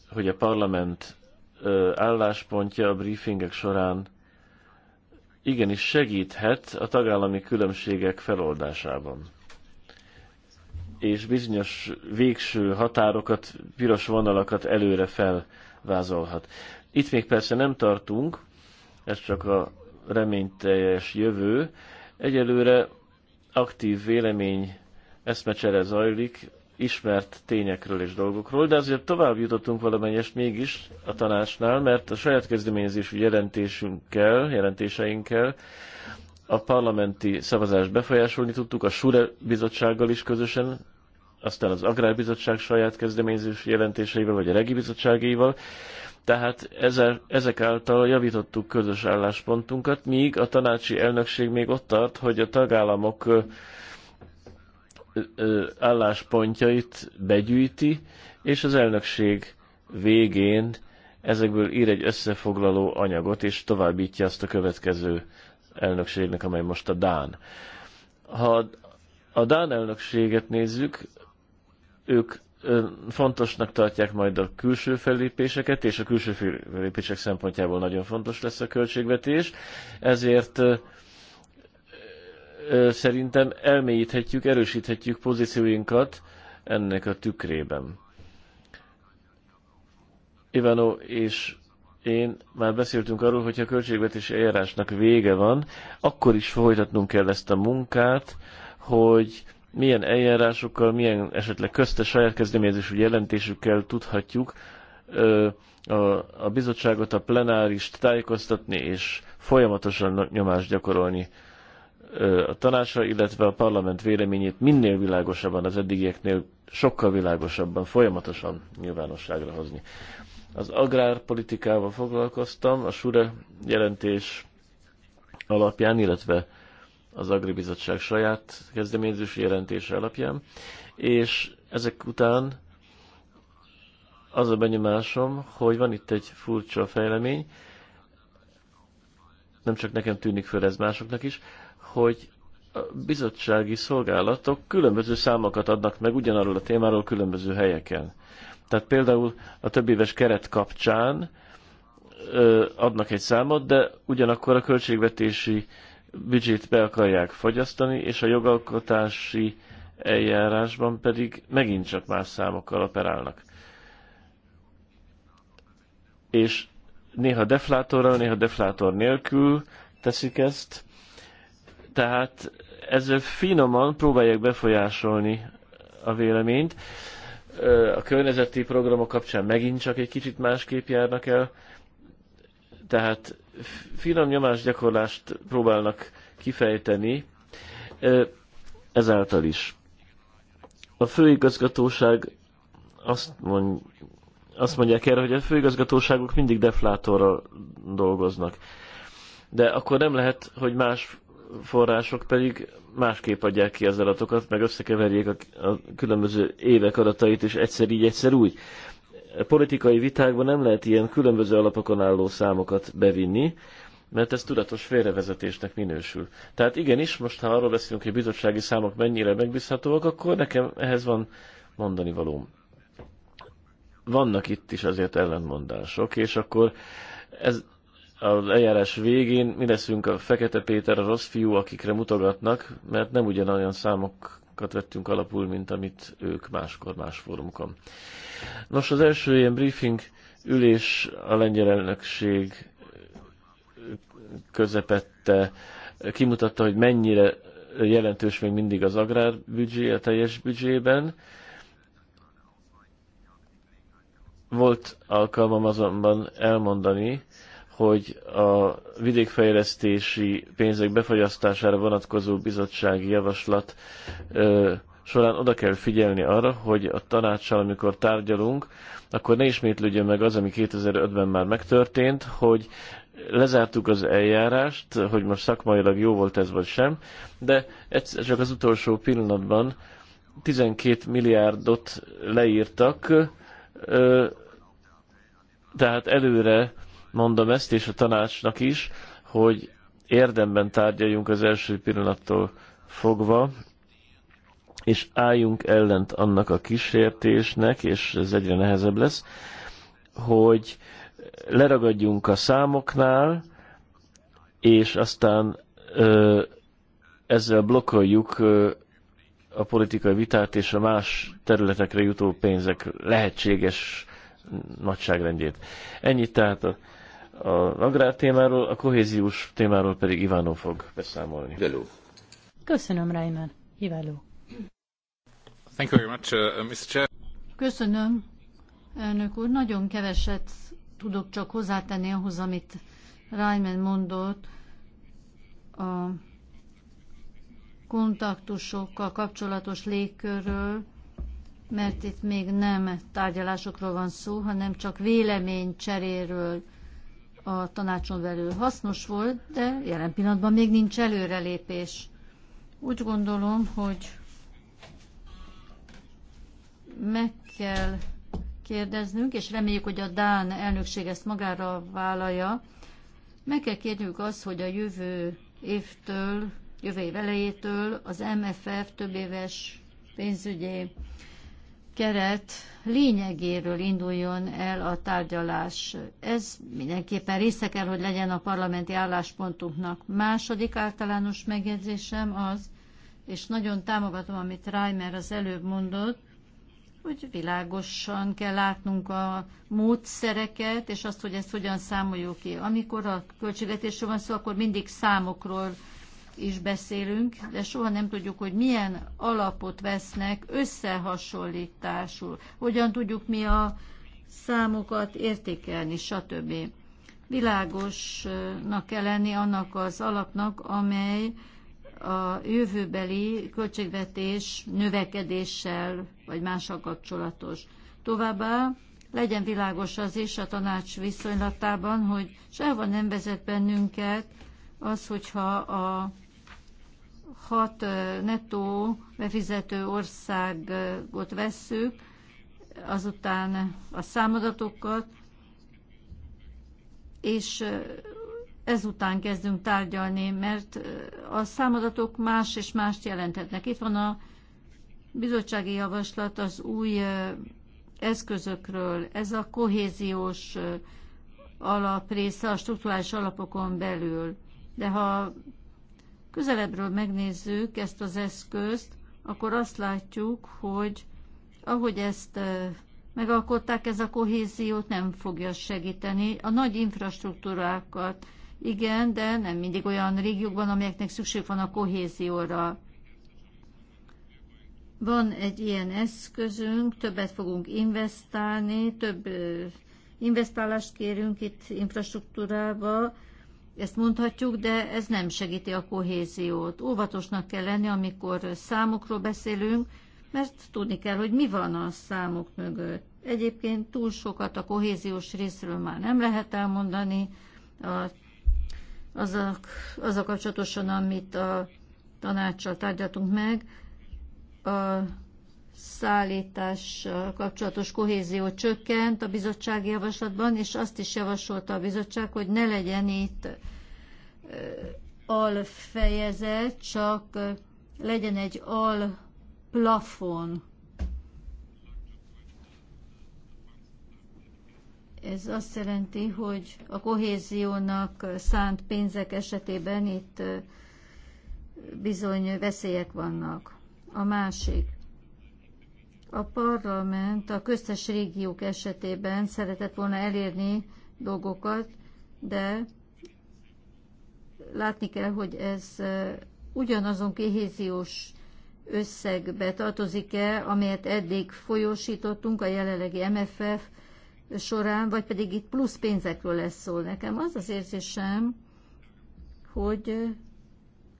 hogy a parlament álláspontja a briefingek során igenis segíthet a tagállami különbségek feloldásában. És bizonyos végső határokat, piros vonalakat előre felvázolhat. Itt még persze nem tartunk, ez csak a reményteljes jövő. Egyelőre aktív vélemény eszmecsere zajlik, ismert tényekről és dolgokról, de azért tovább jutottunk valamennyest mégis a tanácsnál, mert a saját kezdeményezésű jelentésünkkel, jelentéseinkkel a parlamenti szavazást befolyásolni tudtuk, a SURE bizottsággal is közösen, aztán az Agrárbizottság saját kezdeményezésű jelentéseivel, vagy a Regi bizottságéival. Tehát ezek által javítottuk közös álláspontunkat, míg a tanácsi elnökség még ott tart, hogy a tagállamok álláspontjait begyűjti, és az elnökség végén ezekből ír egy összefoglaló anyagot, és továbbítja azt a következő elnökségnek, amely most a Dán. Ha a Dán elnökséget nézzük, ők fontosnak tartják majd a külső fellépéseket, és a külső fellépések szempontjából nagyon fontos lesz a költségvetés, ezért szerintem elmélyíthetjük, erősíthetjük pozícióinkat ennek a tükrében. Ivano és én már beszéltünk arról, hogy a költségvetési eljárásnak vége van, akkor is folytatnunk kell ezt a munkát, hogy milyen eljárásokkal, milyen esetleg köztes saját kezdeményezésű jelentésükkel tudhatjuk a, a bizottságot, a plenárist tájékoztatni és folyamatosan nyomást gyakorolni a tanácsra, illetve a parlament véleményét minél világosabban, az eddigieknél sokkal világosabban, folyamatosan nyilvánosságra hozni. Az agrárpolitikával foglalkoztam, a SURE jelentés alapján, illetve az Agribizottság saját kezdeményezési jelentése alapján, és ezek után az a benyomásom, hogy van itt egy furcsa fejlemény, nem csak nekem tűnik föl ez másoknak is, hogy a bizottsági szolgálatok különböző számokat adnak meg ugyanarról a témáról különböző helyeken. Tehát például a több éves keret kapcsán ö, adnak egy számot, de ugyanakkor a költségvetési büdzsét be akarják fogyasztani, és a jogalkotási eljárásban pedig megint csak más számokkal operálnak. És néha deflátorral, néha deflátor nélkül teszik ezt, tehát ezzel finoman próbálják befolyásolni a véleményt. A környezeti programok kapcsán megint csak egy kicsit másképp járnak el, tehát finom nyomás gyakorlást próbálnak kifejteni ezáltal is. A főigazgatóság azt, mond, azt mondják erre, hogy a főigazgatóságok mindig deflátorral dolgoznak. De akkor nem lehet, hogy más források pedig másképp adják ki az adatokat, meg összekeverjék a, a különböző évek adatait, és egyszer így, egyszer úgy politikai vitákban nem lehet ilyen különböző alapokon álló számokat bevinni, mert ez tudatos félrevezetésnek minősül. Tehát igenis, most ha arról beszélünk, hogy a bizottsági számok mennyire megbízhatóak, akkor nekem ehhez van mondani valóm. Vannak itt is azért ellentmondások, és akkor ez az eljárás végén mi leszünk a Fekete Péter, a rossz fiú, akikre mutogatnak, mert nem ugyanolyan számok vettünk alapul, mint amit ők máskor más fórumokon. Nos, az első ilyen briefing ülés a lengyel elnökség közepette kimutatta, hogy mennyire jelentős még mindig az agrárbüdzsé a teljes büdzsében. Volt alkalmam azonban elmondani, hogy a vidékfejlesztési pénzek befagyasztására vonatkozó bizottsági javaslat ö, során oda kell figyelni arra, hogy a tanácssal, amikor tárgyalunk, akkor ne ismétlődjön meg az, ami 2005-ben már megtörtént, hogy lezártuk az eljárást, hogy most szakmailag jó volt ez vagy sem, de egyszer csak az utolsó pillanatban 12 milliárdot leírtak, ö, tehát előre mondom ezt, és a tanácsnak is, hogy érdemben tárgyaljunk az első pillanattól fogva, és álljunk ellent annak a kísértésnek, és ez egyre nehezebb lesz, hogy leragadjunk a számoknál, és aztán ö, ezzel blokkoljuk ö, a politikai vitát és a más területekre jutó pénzek lehetséges nagyságrendjét. Ennyit tehát a a agrár témáról, a kohéziós témáról pedig Ivánó fog beszámolni. Hello. Köszönöm, Reimer. Hiváló. Thank you very much, uh, Mr. Chair. Köszönöm, elnök úr. Nagyon keveset tudok csak hozzátenni ahhoz, amit Reimer mondott a kontaktusokkal kapcsolatos légkörről, mert itt még nem tárgyalásokról van szó, hanem csak véleménycseréről a tanácson belül hasznos volt, de jelen pillanatban még nincs előrelépés. Úgy gondolom, hogy meg kell kérdeznünk, és reméljük, hogy a Dán elnökség ezt magára vállalja, meg kell kérnünk azt, hogy a jövő évtől, jövő év elejétől az MFF több éves pénzügyi keret lényegéről induljon el a tárgyalás. Ez mindenképpen része kell, hogy legyen a parlamenti álláspontunknak. Második általános megjegyzésem az, és nagyon támogatom, amit Reimer az előbb mondott, hogy világosan kell látnunk a módszereket, és azt, hogy ezt hogyan számoljuk ki. Amikor a költségvetésről van szó, akkor mindig számokról is beszélünk, de soha nem tudjuk, hogy milyen alapot vesznek összehasonlításul, hogyan tudjuk mi a számokat értékelni, stb. Világosnak kell lenni annak az alapnak, amely a jövőbeli költségvetés növekedéssel vagy mással kapcsolatos. Továbbá legyen világos az is a tanács viszonylatában, hogy sehova nem vezet bennünket az, hogyha a hat nettó befizető országot vesszük, azután a számadatokat, és ezután kezdünk tárgyalni, mert a számadatok más és mást jelentetnek. Itt van a bizottsági javaslat az új eszközökről. Ez a kohéziós alaprésze a struktúrális alapokon belül. De ha közelebbről megnézzük ezt az eszközt, akkor azt látjuk, hogy ahogy ezt megalkották, ez a kohéziót nem fogja segíteni. A nagy infrastruktúrákat igen, de nem mindig olyan régiókban, amelyeknek szükség van a kohézióra. Van egy ilyen eszközünk, többet fogunk investálni, több investálást kérünk itt infrastruktúrába, ezt mondhatjuk, de ez nem segíti a kohéziót. Óvatosnak kell lenni, amikor számokról beszélünk, mert tudni kell, hogy mi van a számok mögött. Egyébként túl sokat a kohéziós részről már nem lehet elmondani, a, az, a, az a kapcsolatosan, amit a tanácssal tárgyaltunk meg, a szállítás kapcsolatos kohézió csökkent a bizottsági javaslatban, és azt is javasolta a bizottság, hogy ne legyen itt alfejezet, csak legyen egy al plafon. Ez azt jelenti, hogy a kohéziónak szánt pénzek esetében itt bizony veszélyek vannak. A másik a parlament a köztes régiók esetében szeretett volna elérni dolgokat, de látni kell, hogy ez ugyanazon kihéziós összegbe tartozik-e, amelyet eddig folyósítottunk a jelenlegi MFF során, vagy pedig itt plusz pénzekről lesz szó. Nekem az az érzésem, hogy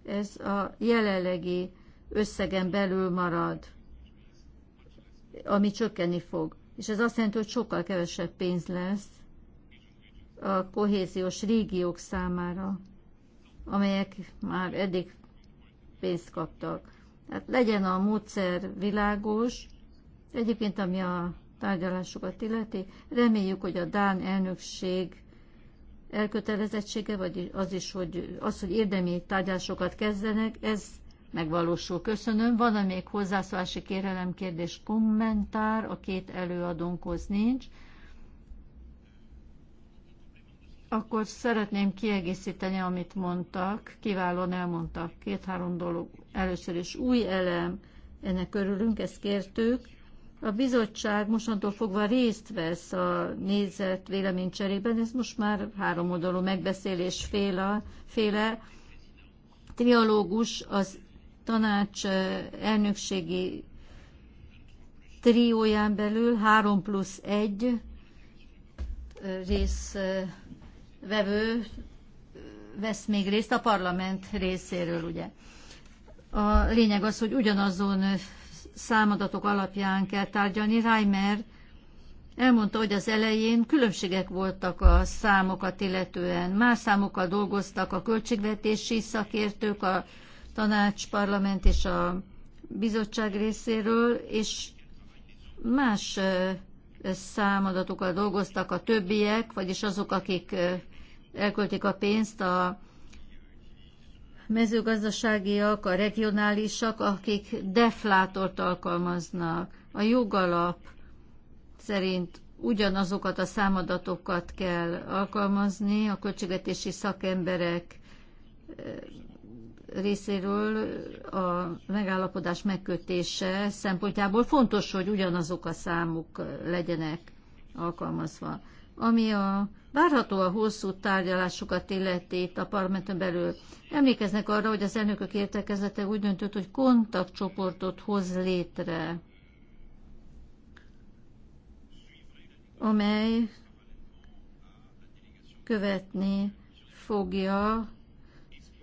ez a jelenlegi összegen belül marad ami csökkenni fog. És ez azt jelenti, hogy sokkal kevesebb pénz lesz a kohéziós régiók számára, amelyek már eddig pénzt kaptak. Tehát legyen a módszer világos, egyébként ami a tárgyalásokat illeti, reméljük, hogy a Dán elnökség elkötelezettsége, vagy az is, hogy az, hogy érdemi tárgyalásokat kezdenek, ez megvalósul. Köszönöm. Van-e még hozzászólási kérelem, kérdés, kommentár? A két előadónkhoz nincs. Akkor szeretném kiegészíteni, amit mondtak, kiválóan elmondtak két-három dolog. Először is új elem, ennek örülünk, ezt kértük. A bizottság mostantól fogva részt vesz a nézet véleménycserében, ez most már három oldalú megbeszélés féle, féle triológus az tanács eh, elnökségi trióján belül 3 plusz 1 eh, részvevő eh, vesz még részt a parlament részéről, ugye. A lényeg az, hogy ugyanazon számadatok alapján kell tárgyalni. Reimer elmondta, hogy az elején különbségek voltak a számokat illetően. Más számokkal dolgoztak a költségvetési szakértők, a tanács, parlament és a bizottság részéről, és más számadatokkal dolgoztak a többiek, vagyis azok, akik elköltik a pénzt, a mezőgazdaságiak, a regionálisak, akik deflátort alkalmaznak. A jogalap szerint ugyanazokat a számadatokat kell alkalmazni, a költségvetési szakemberek részéről a megállapodás megkötése szempontjából fontos, hogy ugyanazok a számuk legyenek alkalmazva. Ami a várható a hosszú tárgyalásokat illeti itt a parlamenten belül, emlékeznek arra, hogy az elnökök értekezete úgy döntött, hogy kontaktcsoportot hoz létre, amely követni fogja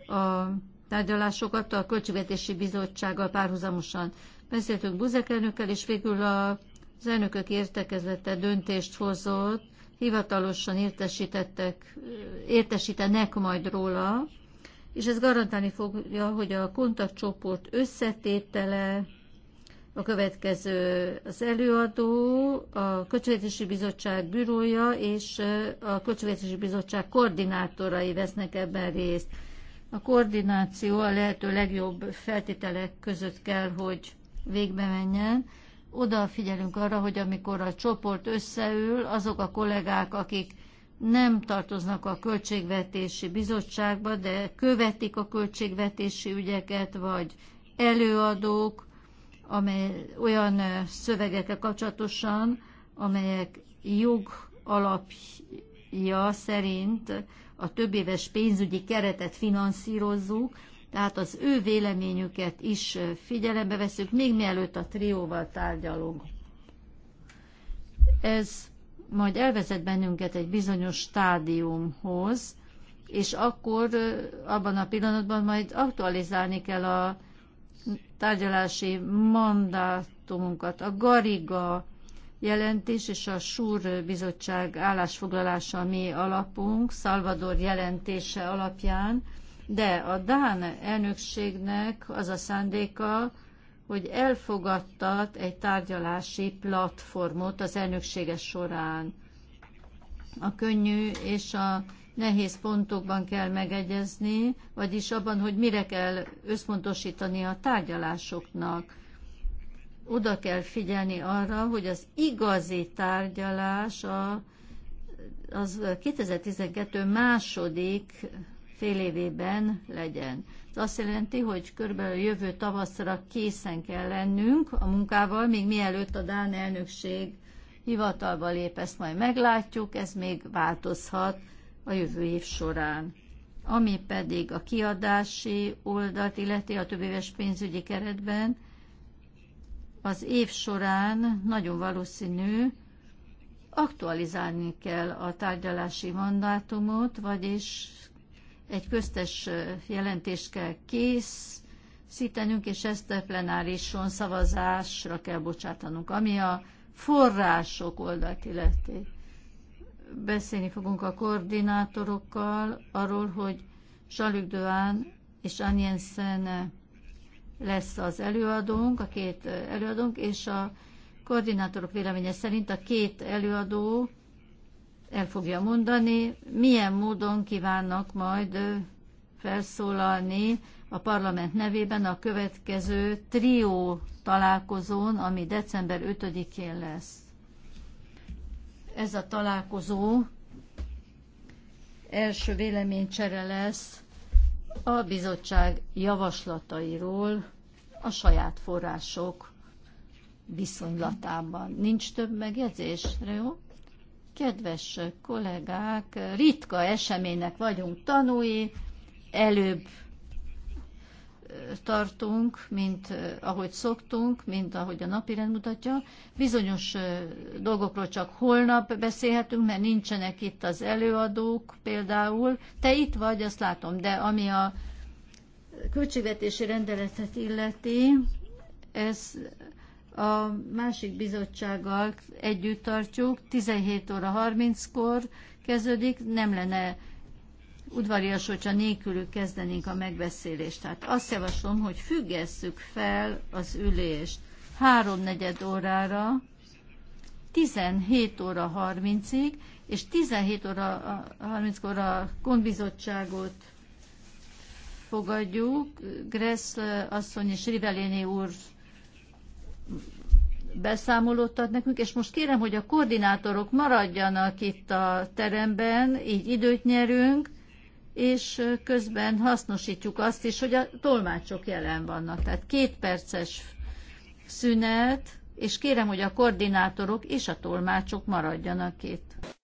a tárgyalásokat a Költségvetési Bizottsággal párhuzamosan. Beszéltünk Buzek elnökkel, és végül a, az elnökök értekezlete döntést hozott, hivatalosan értesítettek, értesítenek majd róla, és ez garantálni fogja, hogy a kontaktcsoport összetétele a következő az előadó, a Költségvetési Bizottság bürója és a Költségvetési Bizottság koordinátorai vesznek ebben részt. A koordináció a lehető legjobb feltételek között kell, hogy végbe menjen. Oda figyelünk arra, hogy amikor a csoport összeül, azok a kollégák, akik nem tartoznak a költségvetési bizottságba, de követik a költségvetési ügyeket, vagy előadók, amely olyan szövegekkel kapcsolatosan, amelyek jog alapja szerint a többéves pénzügyi keretet finanszírozzuk, tehát az ő véleményüket is figyelembe veszük, még mielőtt a trióval tárgyalunk. Ez majd elvezet bennünket egy bizonyos stádiumhoz, és akkor abban a pillanatban majd aktualizálni kell a tárgyalási mandátumunkat. A Gariga jelentés és a SUR bizottság állásfoglalása mi alapunk, Salvador jelentése alapján, de a Dán elnökségnek az a szándéka, hogy elfogadtat egy tárgyalási platformot az elnökséges során. A könnyű és a nehéz pontokban kell megegyezni, vagyis abban, hogy mire kell összpontosítani a tárgyalásoknak oda kell figyelni arra, hogy az igazi tárgyalás a, az 2012 második fél évében legyen. Ez azt jelenti, hogy körülbelül jövő tavaszra készen kell lennünk a munkával, még mielőtt a Dán elnökség hivatalba lép, ezt majd meglátjuk, ez még változhat a jövő év során. Ami pedig a kiadási oldalt illeti a többéves pénzügyi keretben, az év során nagyon valószínű, aktualizálni kell a tárgyalási mandátumot, vagyis egy köztes jelentést kell készítenünk, és ezt a plenárison szavazásra kell bocsátanunk, ami a források oldalt illeti. Beszélni fogunk a koordinátorokkal arról, hogy Zsalük Döán és Anjensen lesz az előadónk, a két előadónk, és a koordinátorok véleménye szerint a két előadó el fogja mondani, milyen módon kívánnak majd felszólalni a parlament nevében a következő trió találkozón, ami december 5-én lesz. Ez a találkozó első véleménycsere lesz a bizottság javaslatairól a saját források viszonylatában. Nincs több megjegyzés, jó? Kedves kollégák, ritka eseménynek vagyunk tanúi, előbb tartunk, mint ahogy szoktunk, mint ahogy a napi rend mutatja. Bizonyos dolgokról csak holnap beszélhetünk, mert nincsenek itt az előadók például. Te itt vagy, azt látom, de ami a költségvetési rendeletet illeti, ez a másik bizottsággal együtt tartjuk, 17 óra 30-kor kezdődik, nem lenne udvarias, hogyha nélkülük kezdenénk a megbeszélést. Tehát azt javaslom, hogy függesszük fel az ülést háromnegyed órára, 17 óra 30-ig, és 17 óra 30-kor a gondbizottságot fogadjuk. Gressz asszony és Riveléni úr beszámolót ad nekünk, és most kérem, hogy a koordinátorok maradjanak itt a teremben, így időt nyerünk, és közben hasznosítjuk azt is, hogy a tolmácsok jelen vannak. Tehát két perces szünet, és kérem, hogy a koordinátorok és a tolmácsok maradjanak itt.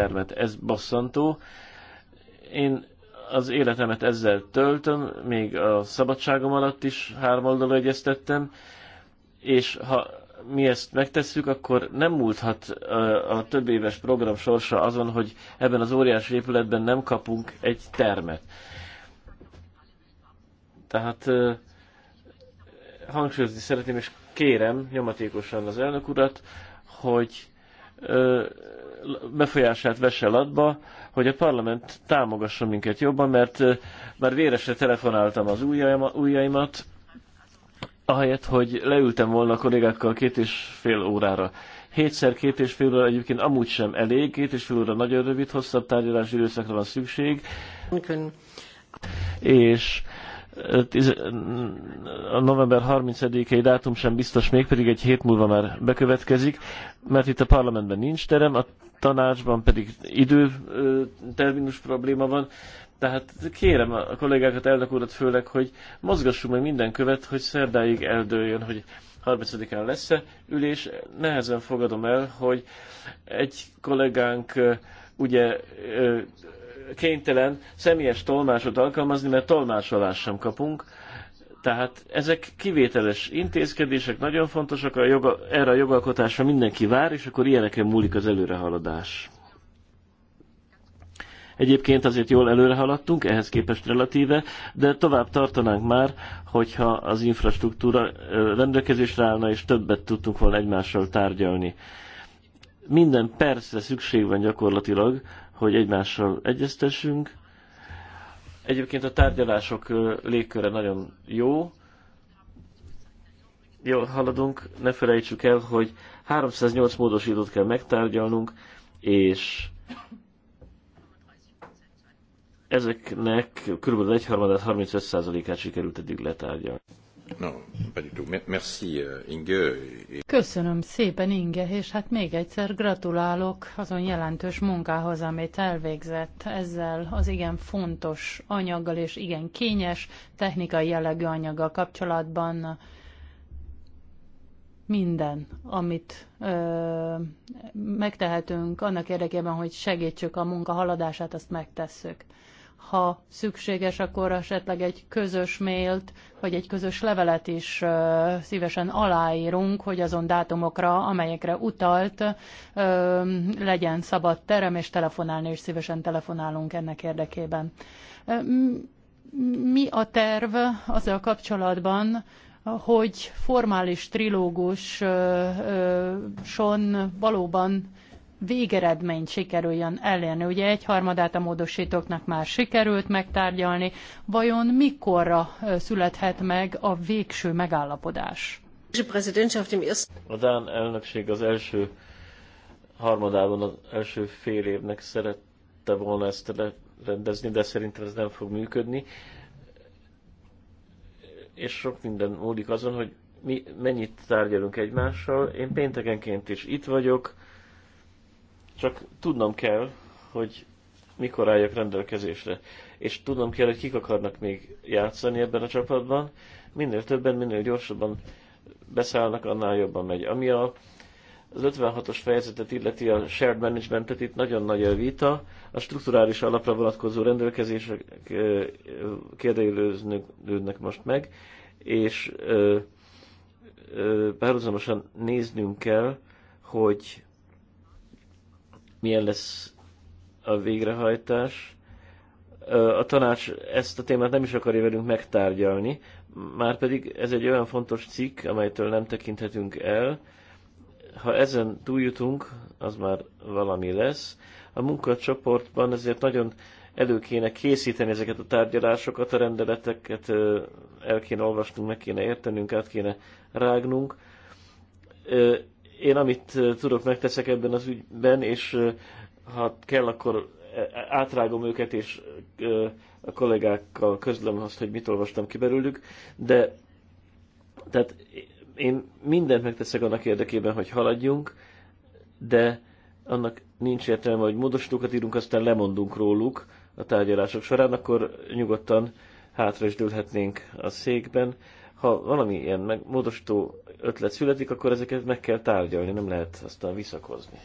termet. Ez bosszantó. Én az életemet ezzel töltöm, még a szabadságom alatt is hármoldalú egyeztettem, és ha mi ezt megtesszük, akkor nem múlthat a több éves program sorsa azon, hogy ebben az óriási épületben nem kapunk egy termet. Tehát hangsúlyozni szeretném, és kérem nyomatékosan az elnök urat, hogy befolyását vesse latba, hogy a parlament támogassa minket jobban, mert már véresre telefonáltam az ujjaimat, ahelyett, hogy leültem volna a kollégákkal két és fél órára. Hétszer két és fél óra egyébként amúgy sem elég, két és fél óra nagyon rövid, hosszabb tárgyalási időszakra van szükség. Működni. És a november 30-i dátum sem biztos még, pedig egy hét múlva már bekövetkezik, mert itt a parlamentben nincs terem, a tanácsban pedig terminus probléma van, tehát kérem a kollégákat, elnök urat főleg, hogy mozgassunk meg minden követ, hogy szerdáig eldőljön, hogy 30-án lesz-e ülés. Nehezen fogadom el, hogy egy kollégánk ugye kénytelen személyes tolmásot alkalmazni, mert tolmásolást sem kapunk. Tehát ezek kivételes intézkedések, nagyon fontosak, a joga, erre a jogalkotásra mindenki vár, és akkor ilyeneken múlik az előrehaladás. Egyébként azért jól előrehaladtunk, ehhez képest relatíve, de tovább tartanánk már, hogyha az infrastruktúra rendelkezésre állna, és többet tudtunk volna egymással tárgyalni. Minden persze szükség van gyakorlatilag hogy egymással egyeztessünk. Egyébként a tárgyalások légköre nagyon jó. jó haladunk, ne felejtsük el, hogy 308 módosítót kell megtárgyalnunk, és ezeknek kb. egyharmadát 35%-át sikerült eddig letárgyalni. Euh, Köszönöm szépen, Inge, és hát még egyszer gratulálok azon jelentős munkához, amit elvégzett ezzel az igen fontos anyaggal és igen kényes technikai jellegű anyaggal kapcsolatban. Minden, amit ö, megtehetünk annak érdekében, hogy segítsük a munka haladását, azt megtesszük ha szükséges, akkor esetleg egy közös mailt, vagy egy közös levelet is szívesen aláírunk, hogy azon dátumokra, amelyekre utalt, legyen szabad terem, és telefonálni is szívesen telefonálunk ennek érdekében. Mi a terv azzal kapcsolatban, hogy formális trilógus, son valóban végeredményt sikerüljön elérni. Ugye egy a módosítóknak már sikerült megtárgyalni. Vajon mikorra születhet meg a végső megállapodás? A Dán elnökség az első harmadában, az első fél évnek szerette volna ezt rendezni, de szerintem ez nem fog működni. És sok minden módik azon, hogy mi mennyit tárgyalunk egymással. Én péntekenként is itt vagyok, csak tudnom kell, hogy mikor álljak rendelkezésre. És tudnom kell, hogy kik akarnak még játszani ebben a csapatban. Minél többen, minél gyorsabban beszállnak, annál jobban megy. Ami a, az 56-os fejezetet illeti a shared managementet, itt nagyon nagy a vita. A strukturális alapra vonatkozó rendelkezések kérdeilőznek most meg, és párhuzamosan néznünk kell, hogy milyen lesz a végrehajtás. A tanács ezt a témát nem is akarja velünk megtárgyalni, márpedig ez egy olyan fontos cikk, amelytől nem tekinthetünk el. Ha ezen túljutunk, az már valami lesz. A munkacsoportban ezért nagyon elő kéne készíteni ezeket a tárgyalásokat, a rendeleteket el kéne olvasnunk, meg kéne értenünk, át kéne rágnunk én amit tudok, megteszek ebben az ügyben, és ha kell, akkor átrágom őket, és a kollégákkal közlöm azt, hogy mit olvastam ki belőlük, de tehát én mindent megteszek annak érdekében, hogy haladjunk, de annak nincs értelme, hogy módosítókat írunk, aztán lemondunk róluk a tárgyalások során, akkor nyugodtan hátra is dőlhetnénk a székben ha valami ilyen módosító ötlet születik, akkor ezeket meg kell tárgyalni, nem lehet aztán visszakozni.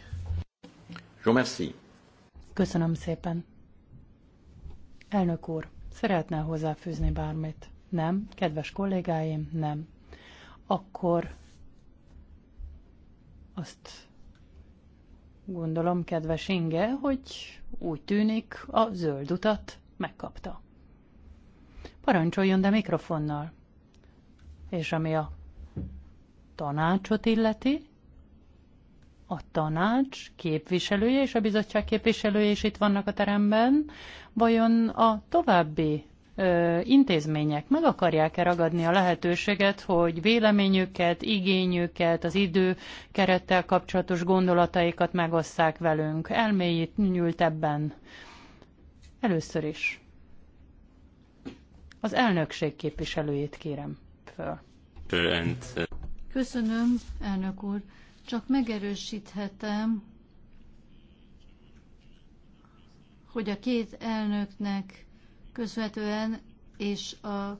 Jó, merci. Köszönöm szépen. Elnök úr, szeretne hozzáfűzni bármit? Nem? Kedves kollégáim, nem. Akkor azt gondolom, kedves Inge, hogy úgy tűnik a zöld utat megkapta. Parancsoljon, de mikrofonnal. És ami a tanácsot illeti, a tanács képviselője és a bizottság képviselője is itt vannak a teremben, vajon a további ö, intézmények meg akarják-e ragadni a lehetőséget, hogy véleményüket, igényüket, az idő kerettel kapcsolatos gondolataikat megosszák velünk, nyúlt ebben. Először is. Az elnökség képviselőjét kérem föl. Köszönöm, elnök úr. Csak megerősíthetem, hogy a két elnöknek köszönhetően és a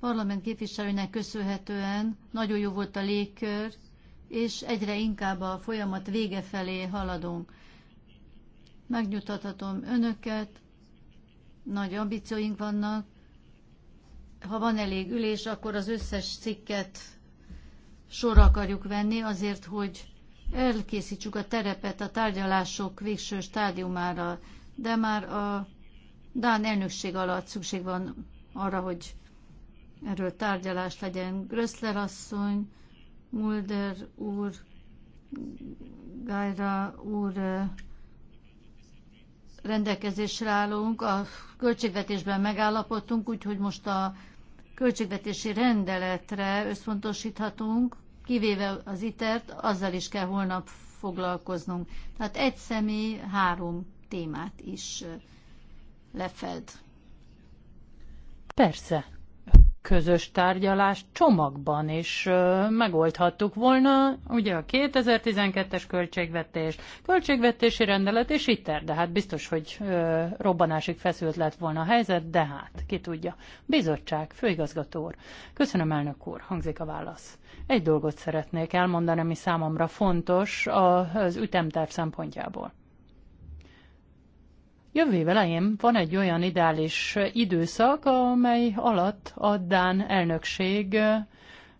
parlament képviselőinek köszönhetően nagyon jó volt a légkör, és egyre inkább a folyamat vége felé haladunk. Megnyugtathatom önöket, nagy ambícióink vannak, ha van elég ülés, akkor az összes cikket sor akarjuk venni, azért, hogy elkészítsük a terepet a tárgyalások végső stádiumára, de már a Dán elnökség alatt szükség van arra, hogy erről tárgyalás legyen. Grössler asszony, Mulder úr, Gájra úr eh, rendelkezésre állunk. A költségvetésben megállapodtunk, úgyhogy most a költségvetési rendeletre összpontosíthatunk, kivéve az itert, e azzal is kell holnap foglalkoznunk. Tehát egy személy három témát is lefed. Persze, közös tárgyalás csomagban is megoldhattuk volna, ugye a 2012-es költségvetés, költségvetési rendelet és itter, de hát biztos, hogy robbanásig feszült lett volna a helyzet, de hát ki tudja. Bizottság, főigazgató úr. Köszönöm, elnök úr, hangzik a válasz. Egy dolgot szeretnék elmondani, ami számomra fontos az ütemterv szempontjából. Jövő év elején van egy olyan ideális időszak, amely alatt a Dán elnökség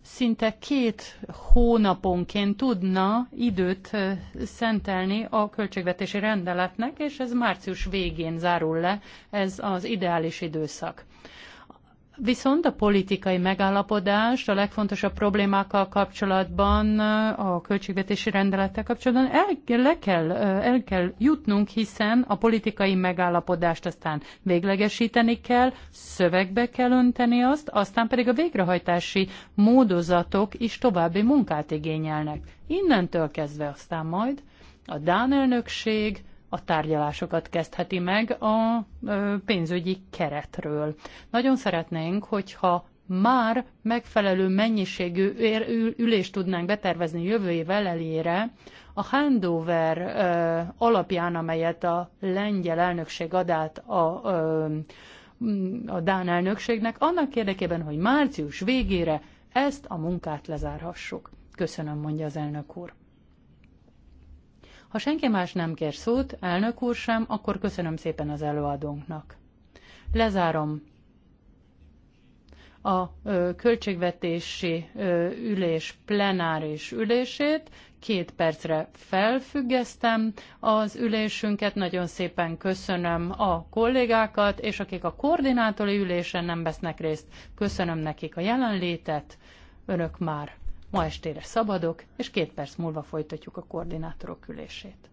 szinte két hónaponként tudna időt szentelni a költségvetési rendeletnek, és ez március végén zárul le, ez az ideális időszak. Viszont a politikai megállapodás a legfontosabb problémákkal kapcsolatban, a költségvetési rendelettel kapcsolatban el, le kell, el kell jutnunk, hiszen a politikai megállapodást aztán véglegesíteni kell, szövegbe kell önteni azt, aztán pedig a végrehajtási módozatok is további munkát igényelnek. Innentől kezdve aztán majd a Dán elnökség a tárgyalásokat kezdheti meg a pénzügyi keretről. Nagyon szeretnénk, hogyha már megfelelő mennyiségű ülést tudnánk betervezni jövő év elejére, a handover alapján, amelyet a lengyel elnökség ad át a, a Dán elnökségnek, annak érdekében, hogy március végére ezt a munkát lezárhassuk. Köszönöm, mondja az elnök úr. Ha senki más nem kér szót, elnök úr sem, akkor köszönöm szépen az előadónknak. Lezárom a költségvetési ülés plenáris ülését. Két percre felfüggesztem az ülésünket. Nagyon szépen köszönöm a kollégákat, és akik a koordinátori ülésen nem vesznek részt, köszönöm nekik a jelenlétet. Önök már Ma estére szabadok, és két perc múlva folytatjuk a koordinátorok ülését.